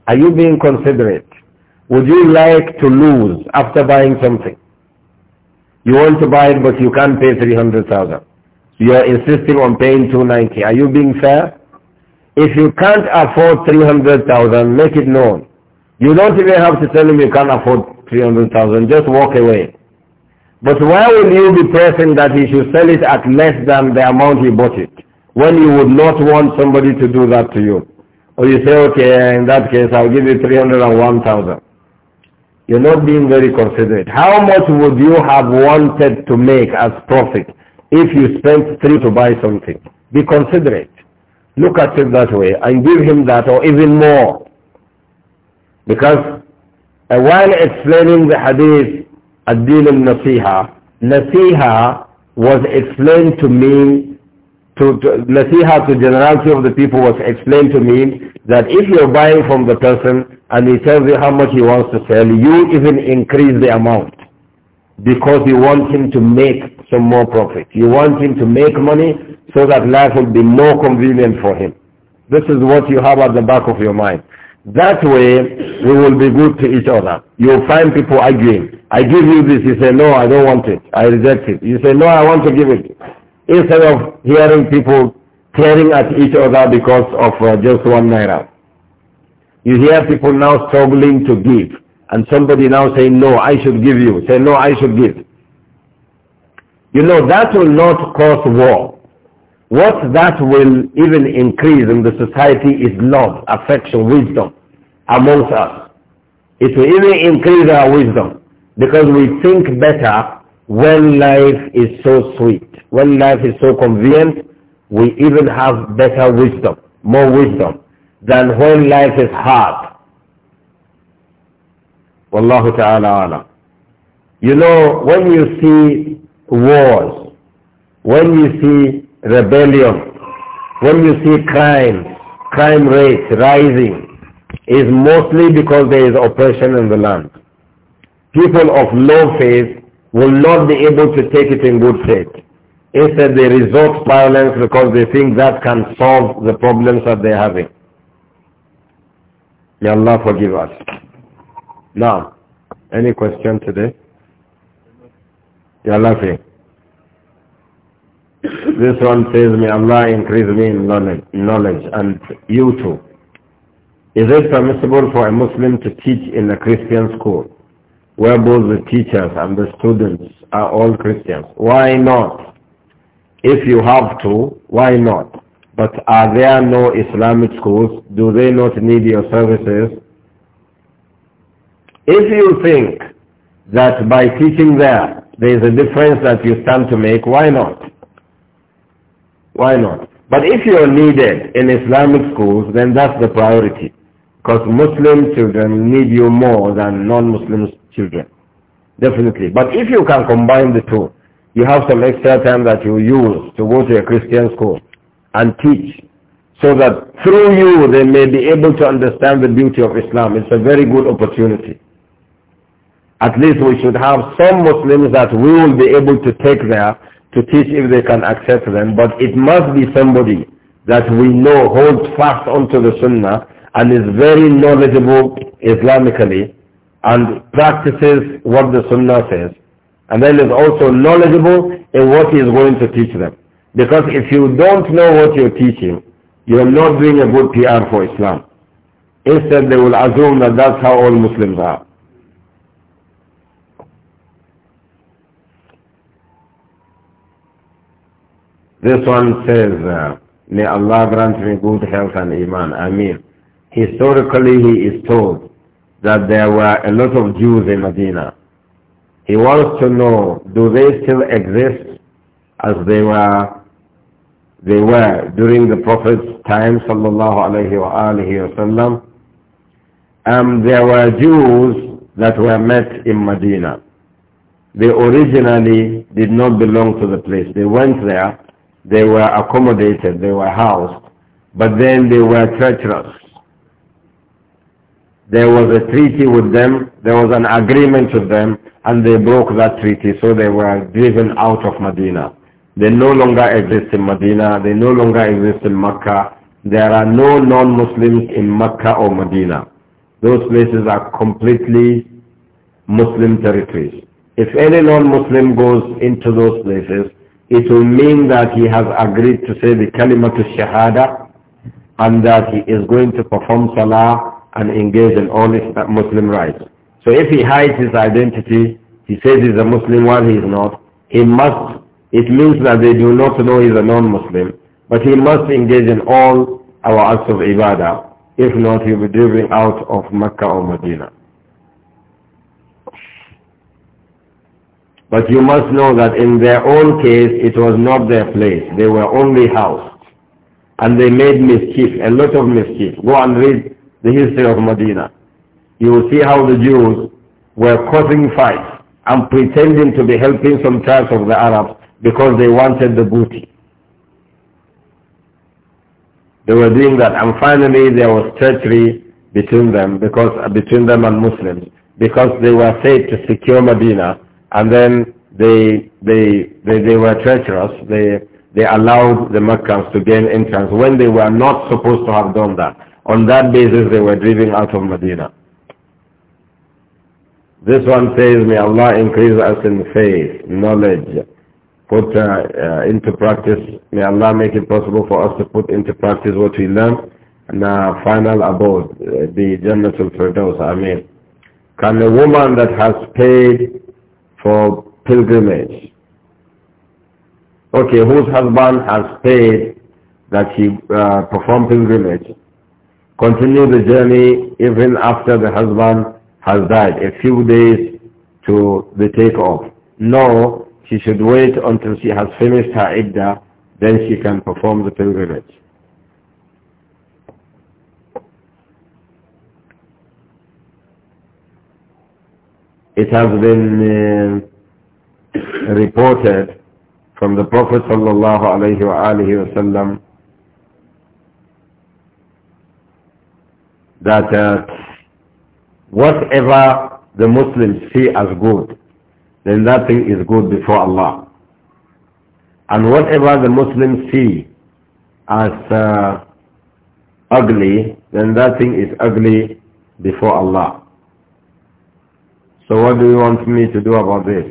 Are you being considerate? Would you like to lose after buying something? You want to buy it, but you can't pay 300,000. You are insisting on paying 290. Are you being fair? If you can't afford 300,000, make it known. You don't even have to tell him you can't afford 300,000. Just walk away. But why will you be pressing that he should sell it at less than the amount he bought it? when you would not want somebody to do that to you. Or you say, okay, in that case, I'll give you 301,000. You're not being very considerate. How much would you have wanted to make as profit if you spent three to buy something? Be considerate. Look at it that way and give him that or even more. Because uh, while explaining the hadith, Ad-Din al-Nasiha, Nasiha was explained to me to, to nasiha to generality of the people was explained to me that if you're buying from the person and he tells you how much he wants to sell, you even increase the amount because you want him to make some more profit. You want him to make money so that life will be more convenient for him. This is what you have at the back of your mind. That way, we will be good to each other. You'll find people arguing. I give you this. You say, no, I don't want it. I reject it. You say, no, I want to give it instead of hearing people tearing at each other because of uh, just one naira. You hear people now struggling to give and somebody now saying, no, I should give you. Say, no, I should give. You know, that will not cause war. What that will even increase in the society is love, affection, wisdom amongst us. It will even increase our wisdom because we think better when life is so sweet, when life is so convenient, we even have better wisdom, more wisdom, than when life is hard. Wallahu ta'ala ala. You know, when you see wars, when you see rebellion, when you see crime, crime rates rising, is mostly because there is oppression in the land. People of low faith will not be able to take it in good faith. Instead, they resort to violence because they think that can solve the problems that they're having. May Allah forgive us. Now, any question today? Ya Allah, This one says, may Allah increase me in knowledge, knowledge and you too. Is it permissible for a Muslim to teach in a Christian school? where both the teachers and the students are all Christians. Why not? If you have to, why not? But are there no Islamic schools? Do they not need your services? If you think that by teaching there, there is a difference that you stand to make, why not? Why not? But if you're needed in Islamic schools, then that's the priority. Because Muslim children need you more than non-Muslim children. Definitely. But if you can combine the two, you have some extra time that you use to go to a Christian school and teach so that through you they may be able to understand the beauty of Islam. It's a very good opportunity. At least we should have some Muslims that we will be able to take there to teach if they can accept them. But it must be somebody that we know holds fast onto the Sunnah and is very knowledgeable Islamically and practices what the Sunnah says, and then is also knowledgeable in what he is going to teach them. Because if you don't know what you're teaching, you're not doing a good PR for Islam. Instead, they will assume that that's how all Muslims are. This one says, uh, May Allah grant me good health and iman. I mean, historically he is told that there were a lot of Jews in Medina. He wants to know, do they still exist as they were, they were during the Prophet's time, sallallahu alayhi wa alihi wasallam? Um, there were Jews that were met in Medina. They originally did not belong to the place. They went there, they were accommodated, they were housed, but then they were treacherous there was a treaty with them, there was an agreement with them, and they broke that treaty, so they were driven out of Medina. They no longer exist in Medina, they no longer exist in Mecca. There are no non-Muslims in Mecca or Medina. Those places are completely Muslim territories. If any non-Muslim goes into those places, it will mean that he has agreed to say the kalimatul shahada and that he is going to perform salah and engage in all Muslim rights. So if he hides his identity, he says he's a Muslim while he's not, he must, it means that they do not know he's a non-Muslim, but he must engage in all our acts of ibadah. If not, he will be driven out of Mecca or Medina. But you must know that in their own case, it was not their place. They were only housed. And they made mischief, a lot of mischief. Go and read the history of Medina, you will see how the Jews were causing fights and pretending to be helping some tribes of the Arabs because they wanted the booty. They were doing that and finally there was treachery between them because uh, between them and Muslims because they were said to secure Medina and then they they they, they were treacherous. They they allowed the Meccans to gain entrance when they were not supposed to have done that. On that basis, they were driven out of Medina. This one says, may Allah increase us in faith, knowledge, put uh, uh, into practice. May Allah make it possible for us to put into practice what we learn and our uh, final abode, uh, the Jannatul Firdaus. Ameen. Can a woman that has paid for pilgrimage, okay, whose husband has paid that she uh, performed pilgrimage, continue the journey even after the husband has died, a few days to the takeoff. No, she should wait until she has finished her iddah, then she can perform the pilgrimage. It has been uh, reported from the Prophet sallallahu alaihi wasallam that uh, whatever the Muslims see as good, then that thing is good before Allah. And whatever the Muslims see as uh, ugly, then that thing is ugly before Allah. So what do you want me to do about this?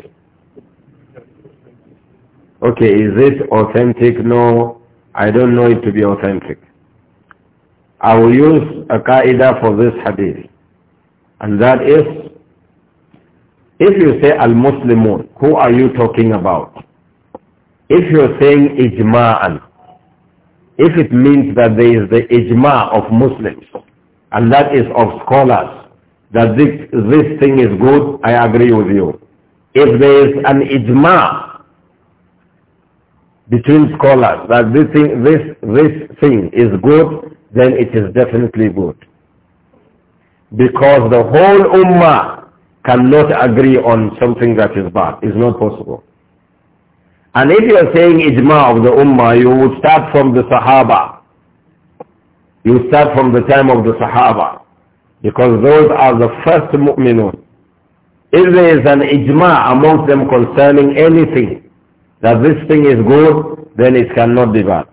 Okay, is this authentic? No, I don't know it to be authentic. I will use a qaida for this hadith. And that is, if you say al-Muslimun, who are you talking about? If you're saying ijma'an, if it means that there is the ijma of Muslims, and that is of scholars, that this, this thing is good, I agree with you. If there is an ijma between scholars that this thing, this, this thing is good, then it is definitely good. Because the whole ummah cannot agree on something that is bad. It's not possible. And if you are saying ijma of the ummah, you would start from the sahaba. You start from the time of the sahaba. Because those are the first mu'minun. If there is an ijma amongst them concerning anything, that this thing is good, then it cannot be bad.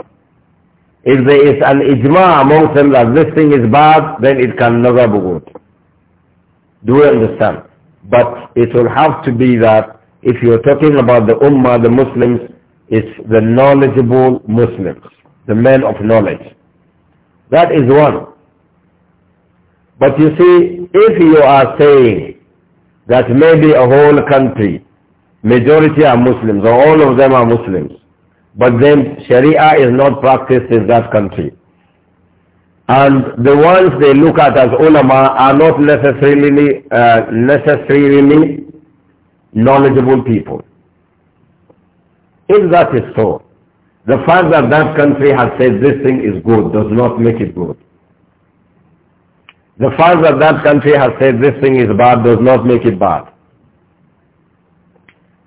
If there is an ijma among them that this thing is bad, then it can never be good. Do you understand? But it will have to be that if you're talking about the ummah, the Muslims, it's the knowledgeable Muslims, the men of knowledge. That is one. But you see, if you are saying that maybe a whole country, majority are Muslims or all of them are Muslims, but then Sharia is not practiced in that country. And the ones they look at as ulama are not necessarily, uh, necessarily knowledgeable people. If that is so, the fact that that country has said this thing is good does not make it good. The fact that that country has said this thing is bad does not make it bad.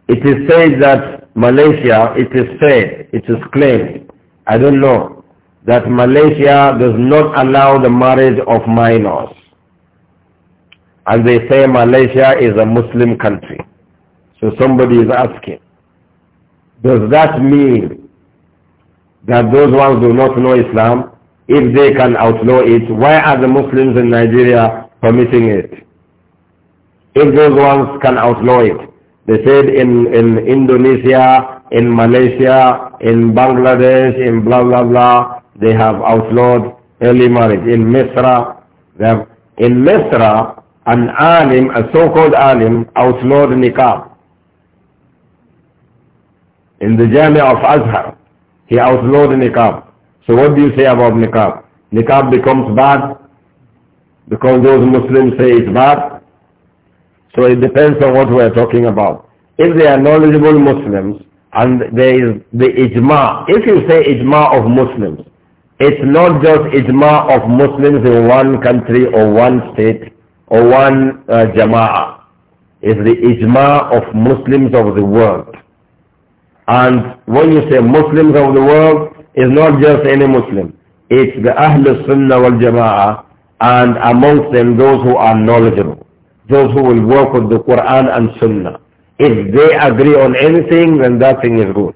It is said that Malaysia, it is said, it is claimed, I don't know, that Malaysia does not allow the marriage of minors. And they say Malaysia is a Muslim country. So somebody is asking, does that mean that those ones do not know Islam? If they can outlaw it, why are the Muslims in Nigeria permitting it? If those ones can outlaw it, they said in, in Indonesia, in Malaysia, in Bangladesh, in blah, blah, blah, they have outlawed early marriage. In Misra, they have, in Misra, an alim, a so-called alim, outlawed niqab. In the journey of Azhar, he outlawed niqab. So what do you say about niqab? Niqab becomes bad because those Muslims say it's bad. So it depends on what we're talking about. If they are knowledgeable Muslims and there is the ijma, if you say ijma of Muslims, it's not just ijma of Muslims in one country or one state or one uh, jama'ah. It's the ijma of Muslims of the world. And when you say Muslims of the world, it's not just any Muslim. It's the Ahlul Sunnah wal Jama'ah and amongst them those who are knowledgeable those who will work with the Quran and Sunnah. If they agree on anything, then that thing is good.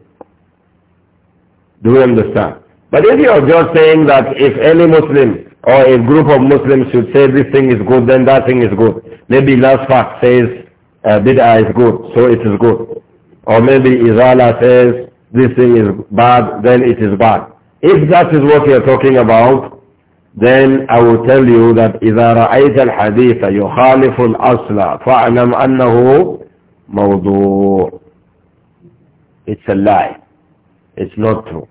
Do you understand? But if you are just saying that if any Muslim or a group of Muslims should say this thing is good, then that thing is good. Maybe last fact says uh, bid'ah is good, so it is good. Or maybe Izala says this thing is bad, then it is bad. If that is what you are talking about, then I will tell you that إذا رأيت الحديث يخالف الأصل فاعلم أنه موضوع It's a lie. It's not true.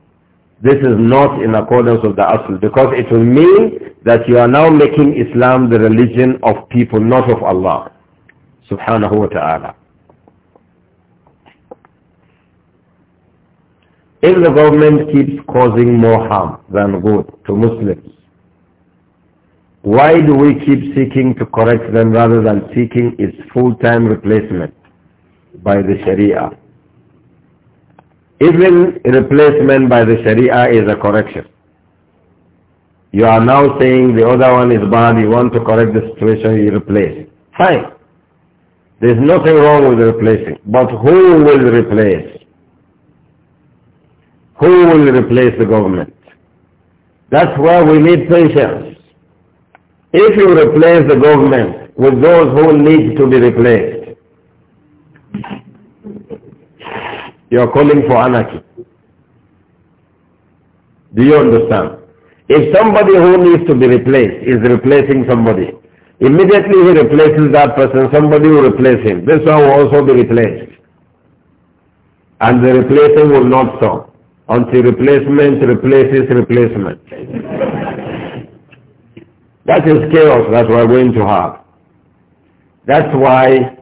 This is not in accordance with the Asl because it will mean that you are now making Islam the religion of people, not of Allah subhanahu wa ta'ala. If the government keeps causing more harm than good to Muslims, why do we keep seeking to correct them rather than seeking its full-time replacement by the Sharia? Even replacement by the Sharia is a correction. You are now saying the other one is bad, you want to correct the situation, you replace. Fine. There's nothing wrong with replacing. But who will replace? Who will replace the government? That's where we need patience. If you replace the government with those who need to be replaced, you're calling for anarchy. Do you understand? If somebody who needs to be replaced is replacing somebody, immediately he replaces that person, somebody will replace him. This one will also be replaced. And the replacing will not stop until replacement replaces replacement. That is chaos why we're going to have. That's why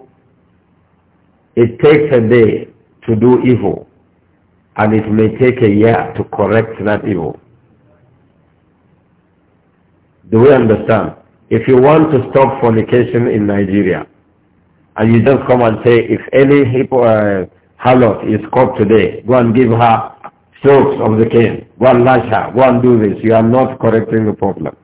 it takes a day to do evil and it may take a year to correct that evil. Do we understand? If you want to stop fornication in Nigeria and you just come and say if any hippo, uh, harlot is caught today, go and give her strokes of the cane, go and lash her, go and do this, you are not correcting the problem.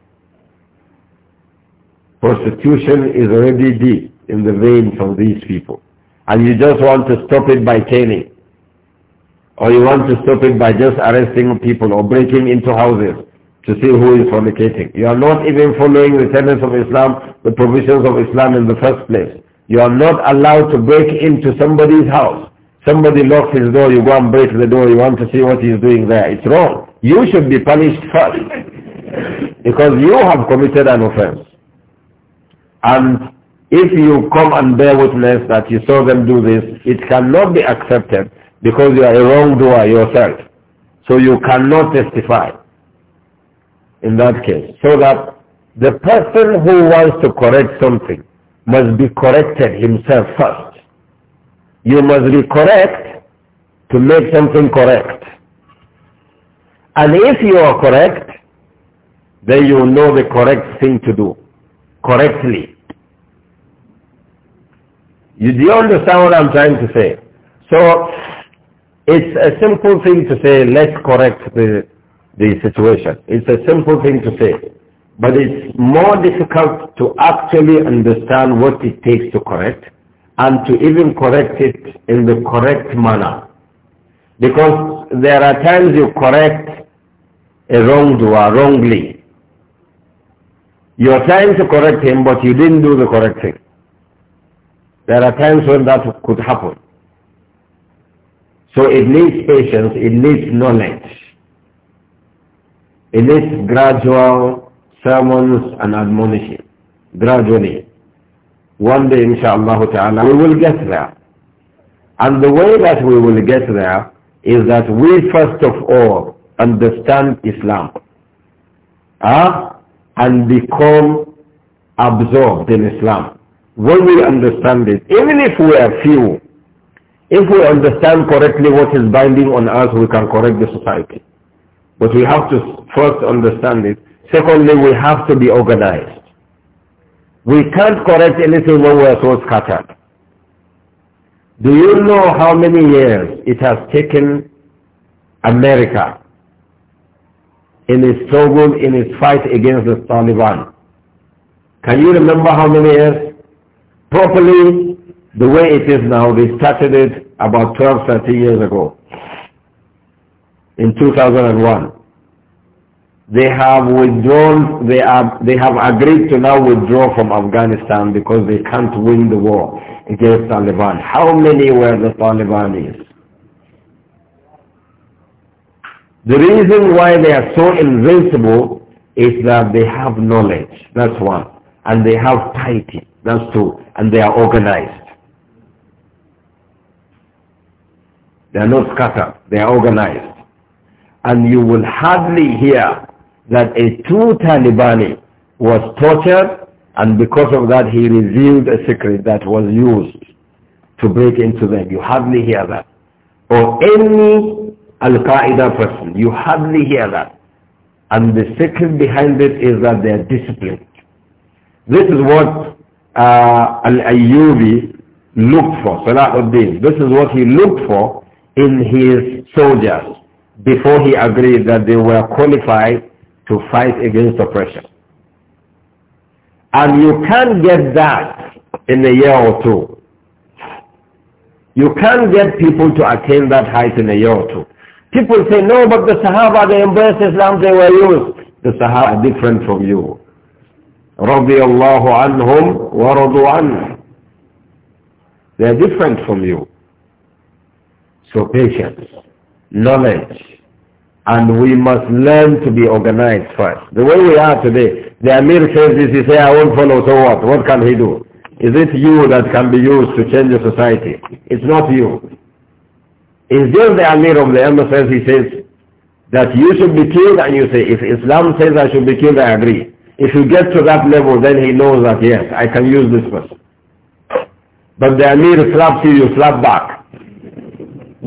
Prostitution is already deep in the veins of these people. And you just want to stop it by caning. Or you want to stop it by just arresting people or breaking into houses to see who is fornicating. You are not even following the tenets of Islam, the provisions of Islam in the first place. You are not allowed to break into somebody's house. Somebody locks his door, you go and break the door, you want to see what he's doing there. It's wrong. You should be punished first. (laughs) Because you have committed an offense. And if you come and bear witness that you saw them do this, it cannot be accepted because you are a wrongdoer yourself. So you cannot testify in that case. So that the person who wants to correct something must be corrected himself first. You must be correct to make something correct. And if you are correct, then you know the correct thing to do correctly. You, do you understand what I'm trying to say? So it's a simple thing to say, let's correct the, the situation. It's a simple thing to say. But it's more difficult to actually understand what it takes to correct and to even correct it in the correct manner. Because there are times you correct a wrongdoer wrongly you are trying to correct him, but you didn't do the correct thing. There are times when that could happen. So it needs patience, it needs knowledge. It needs gradual sermons and admonishing, Gradually. One day, inshallah ta'ala, we will get there. And the way that we will get there is that we first of all understand Islam. Huh? Ah? and become absorbed in Islam. When we understand this, even if we are few, if we understand correctly what is binding on us, we can correct the society. But we have to first understand it. Secondly, we have to be organized. We can't correct anything when we are so scattered. Do you know how many years it has taken America in his struggle, in his fight against the Taliban. Can you remember how many years? Properly, the way it is now, they started it about 12, 13 years ago, in 2001. They have withdrawn, they, are, they have agreed to now withdraw from Afghanistan because they can't win the war against Taliban. How many were the Taliban The reason why they are so invincible is that they have knowledge. That's one. And they have piety. That's two. And they are organized. They are not scattered. They are organized. And you will hardly hear that a true Talibani was tortured and because of that he revealed a secret that was used to break into them. You hardly hear that. Or any Al-Qaeda person. You hardly hear that. And the secret behind it is that they are disciplined. This is what uh, Al-Ayyubi looked for, Salahuddin. This is what he looked for in his soldiers before he agreed that they were qualified to fight against oppression. And you can't get that in a year or two. You can't get people to attain that height in a year or two. People say, no, but the Sahaba, they embraced Islam, they were used. The Sahaba are different from you. رضي الله عنهم ورضوا عنه. They are different from you. So patience, knowledge, and we must learn to be organized first. The way we are today, the Amir says this, he says, I won't follow, so what? What can he do? Is it you that can be used to change the society? It's not you. Instead, there the Amir of the MSS, he says, that you should be killed and you say, if Islam says I should be killed, I agree. If you get to that level, then he knows that, yes, I can use this person. But the Amir slaps you, you slap back.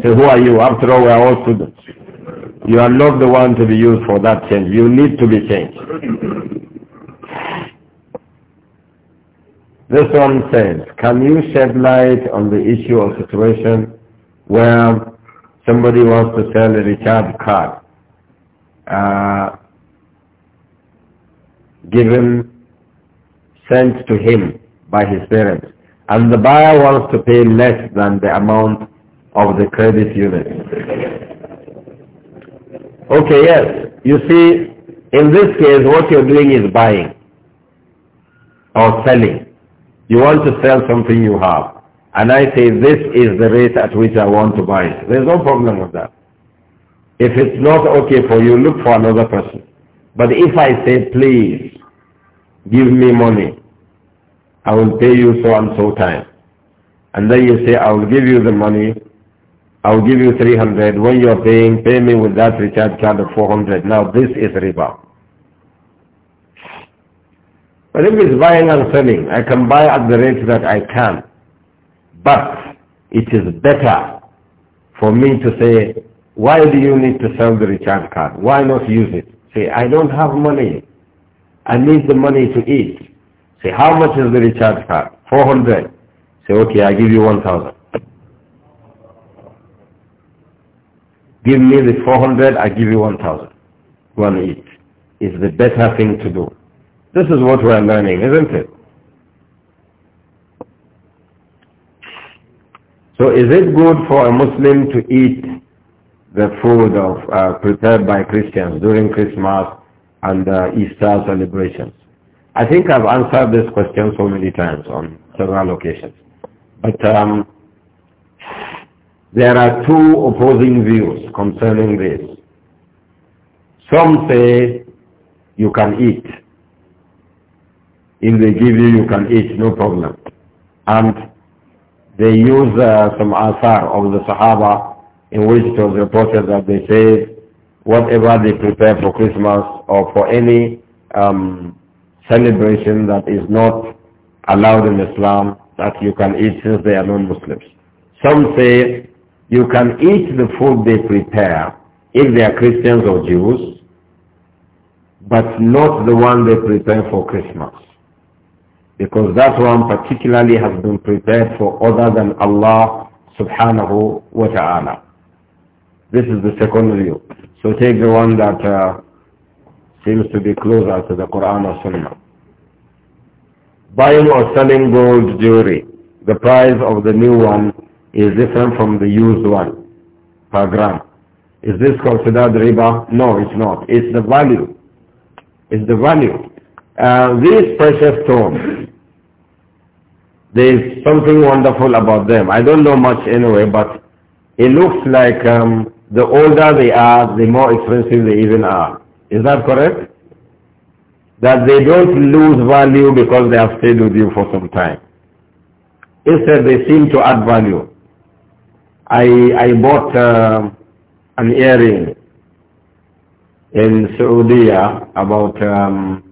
Say, who are you? After all, we are all students. You are not the one to be used for that change. You need to be changed. This one says, can you shed light on the issue of situation where Somebody wants to sell a recharge card. Uh, given, sent to him by his parents. And the buyer wants to pay less than the amount of the credit unit. Okay, yes. You see, in this case, what you're doing is buying or selling. You want to sell something you have and I say this is the rate at which I want to buy it. There's no problem with that. If it's not okay for you, look for another person. But if I say, please, give me money, I will pay you so and so time. And then you say, I will give you the money, I will give you 300. When you are paying, pay me with that recharge card of 400. Now this is riba. But if it's buying and selling, I can buy at the rate that I can. But it is better for me to say, why do you need to sell the recharge card? Why not use it? Say, I don't have money. I need the money to eat. Say, how much is the recharge card? 400. Say, okay, I give you 1,000. Give me the 400, I give you 1,000. Go eat. It's the better thing to do. This is what we're learning, isn't it? So is it good for a Muslim to eat the food of uh, prepared by Christians during Christmas and uh, Easter celebrations? I think I've answered this question so many times on several occasions. But um, there are two opposing views concerning this. Some say you can eat. If they give you, you can eat, no problem. And they use uh, some asar of the Sahaba in which it was reported that they say whatever they prepare for Christmas or for any um, celebration that is not allowed in Islam that you can eat since they are non-Muslims. Some say you can eat the food they prepare if they are Christians or Jews, but not the one they prepare for Christmas. Because that one particularly has been prepared for other than Allah subhanahu wa ta'ala. This is the second view. So take the one that uh, seems to be closer to the Quran or Sunnah. Buying or selling gold jewelry. The price of the new one is different from the used one per gram. Is this considered riba? No, it's not. It's the value. It's the value. Uh, these precious stones, there's something wonderful about them. I don't know much anyway, but it looks like um, the older they are, the more expensive they even are. Is that correct? That they don't lose value because they have stayed with you for some time. Instead, they seem to add value. I, I bought uh, an earring in Saudi uh, about um,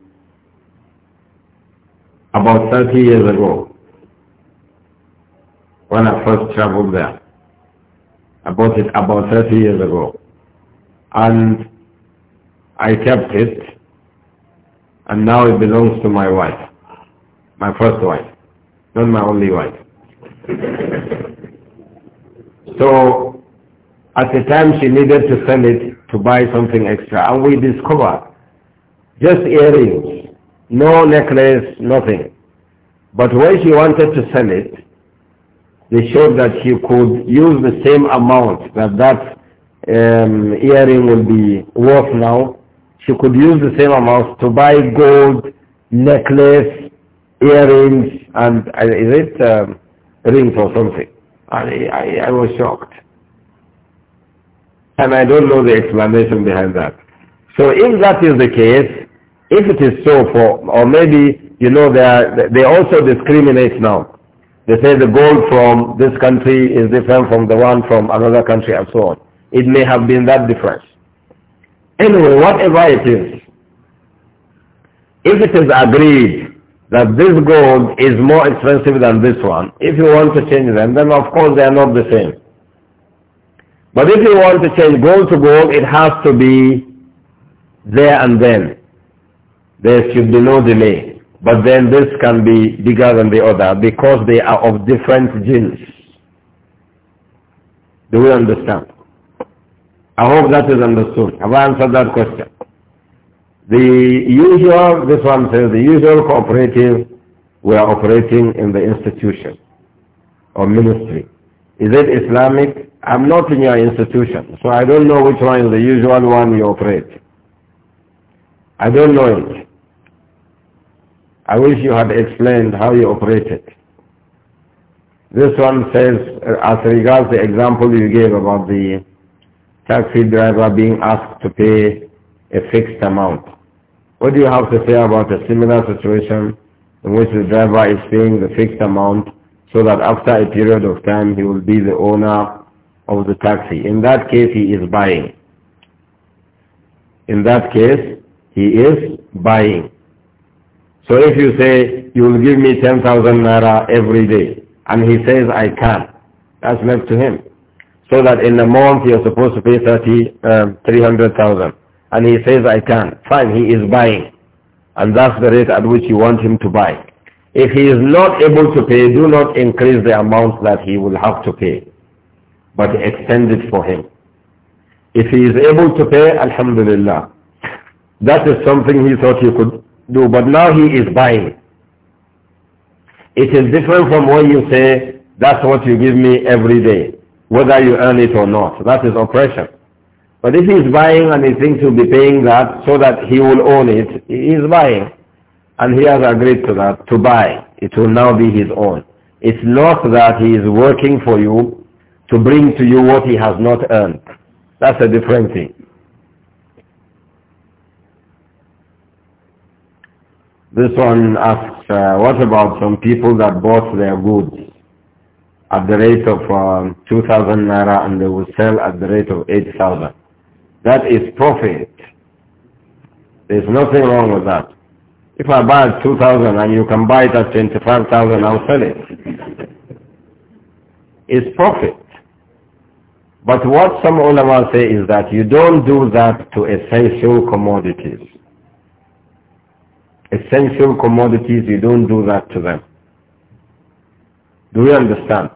about 30 years ago when I first traveled there. I bought it about 30 years ago. And I kept it and now it belongs to my wife, my first wife, not my only wife. so at the time she needed to sell it to buy something extra and we discovered just earrings, no necklace, nothing. But when she wanted to sell it, they showed that he could use the same amount that that um, earring will be worth now. She could use the same amount to buy gold, necklace, earrings, and uh, is it um, rings or something? I, I, I was shocked. And I don't know the explanation behind that. So if that is the case, if it is so for, or maybe, you know, they, are, they also discriminate now they say the gold from this country is different from the one from another country and so on. It may have been that difference. Anyway, whatever it is, if it is agreed that this gold is more expensive than this one, if you want to change them, then of course they are not the same. But if you want to change gold to gold, it has to be there and then. There should be no delay. But then this can be bigger than the other because they are of different genes. Do we understand? I hope that is understood. Have I answered that question? The usual, this one says, the usual cooperative, we are operating in the institution or ministry. Is it Islamic? I'm not in your institution, so I don't know which one is the usual one you operate. I don't know it. I wish you had explained how you operated. This one says, uh, as regards the example you gave about the taxi driver being asked to pay a fixed amount, what do you have to say about a similar situation in which the driver is paying the fixed amount so that after a period of time he will be the owner of the taxi? In that case, he is buying. In that case, he is buying. So if you say, you will give me 10,000 naira every day, and he says, I can, that's left to him. So that in a month you're supposed to pay 30, um, 300,000. And he says, I can. Fine, he is buying. And that's the rate at which you want him to buy. If he is not able to pay, do not increase the amount that he will have to pay, but extend it for him. If he is able to pay, Alhamdulillah. That is something he thought you could do, but now he is buying. It is different from when you say, that's what you give me every day, whether you earn it or not. That is oppression. But if he is buying and he thinks he'll be paying that so that he will own it, he is buying. And he has agreed to that, to buy. It will now be his own. It's not that he is working for you to bring to you what he has not earned. That's a different thing. This one asks, uh, what about some people that bought their goods at the rate of um, 2,000 naira and they will sell at the rate of 8,000? That is profit. There's nothing wrong with that. If I buy at 2,000 and you can buy it at 25,000, I'll sell it. It's profit. But what some ulama say is that you don't do that to essential commodities essential commodities, you don't do that to them. Do you understand?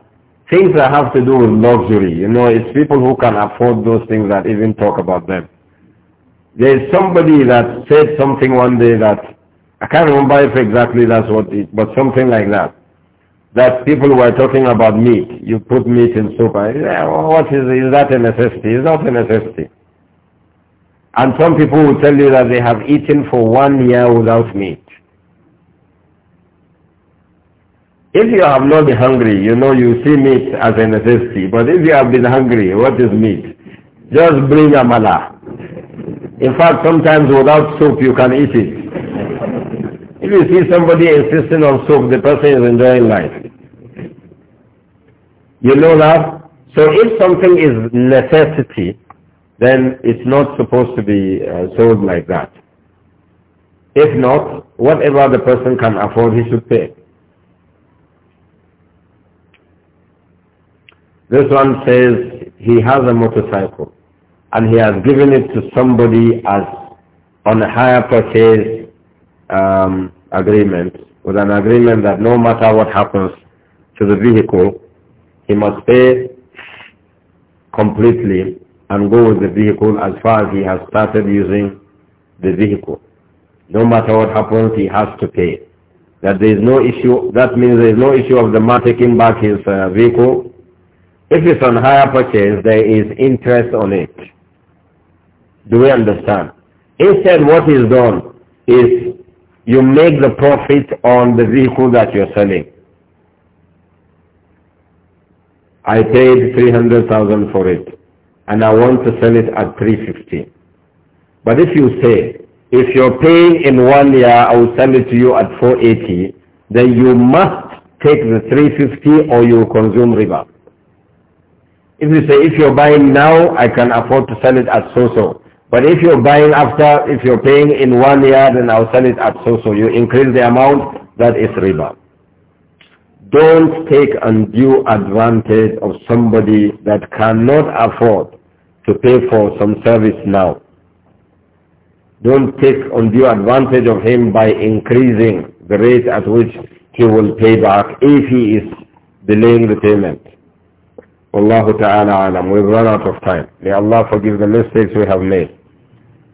Things that have to do with luxury, you know, it's people who can afford those things that even talk about them. There's somebody that said something one day that, I can't remember if exactly that's what it, but something like that. That people were talking about meat. You put meat in soup. I, what is, is that a necessity? It's not a necessity. And some people will tell you that they have eaten for one year without meat. If you have not been hungry, you know you see meat as a necessity. But if you have been hungry, what is meat? Just bring a mala. In fact, sometimes without soup you can eat it. If you see somebody insisting on soup, the person is enjoying life. You know that? So if something is necessity, then it's not supposed to be uh, sold like that. If not, whatever the person can afford, he should pay. This one says he has a motorcycle and he has given it to somebody as on a hire purchase um, agreement with an agreement that no matter what happens to the vehicle, he must pay completely and go with the vehicle as far as he has started using the vehicle. No matter what happens, he has to pay. That there is no issue, that means there is no issue of the man taking back his uh, vehicle. If it's on hire purchase, there is interest on it. Do we understand? Instead, what is done is you make the profit on the vehicle that you're selling. I paid 300,000 for it and I want to sell it at 350. But if you say, if you're paying in one year, I will sell it to you at 480, then you must take the 350 or you consume riba. If you say, if you're buying now, I can afford to sell it at so-so. But if you're buying after, if you're paying in one year, then I'll sell it at so-so. You increase the amount, that is riba don't take undue advantage of somebody that cannot afford to pay for some service now. Don't take undue advantage of him by increasing the rate at which he will pay back if he is delaying the payment. Wallahu ta'ala alam. We've run out of time. May Allah forgive the mistakes we have made.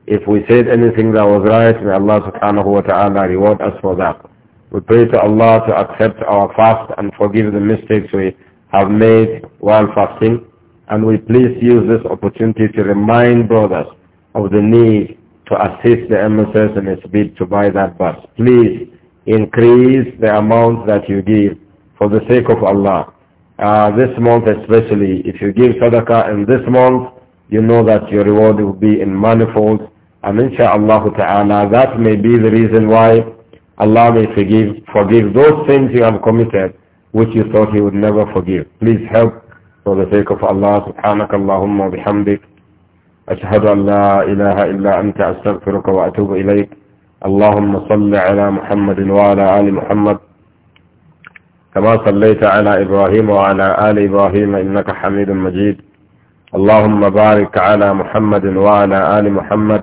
If we said anything that was right, may Allah subhanahu wa ta'ala reward us for that. We pray to Allah to accept our fast and forgive the mistakes we have made while fasting. And we please use this opportunity to remind brothers of the need to assist the MSS in its bid to buy that bus. Please increase the amount that you give for the sake of Allah. Uh, this month especially, if you give sadaqah in this month, you know that your reward will be in manifold. And inshaAllah ta'ala, that may be the reason why Allah may forgive, forgive those things you have committed which you thought he would never forgive. Please help for the sake of Allah. سبحانك اللهم وبحمدك أشهد أن لا إله إلا أنت أستغفرك وأتوب إليك اللهم صل على محمد وعلى آل محمد كما صليت على إبراهيم وعلى آل إبراهيم إنك حميد مجيد اللهم بارك على محمد وعلى آل محمد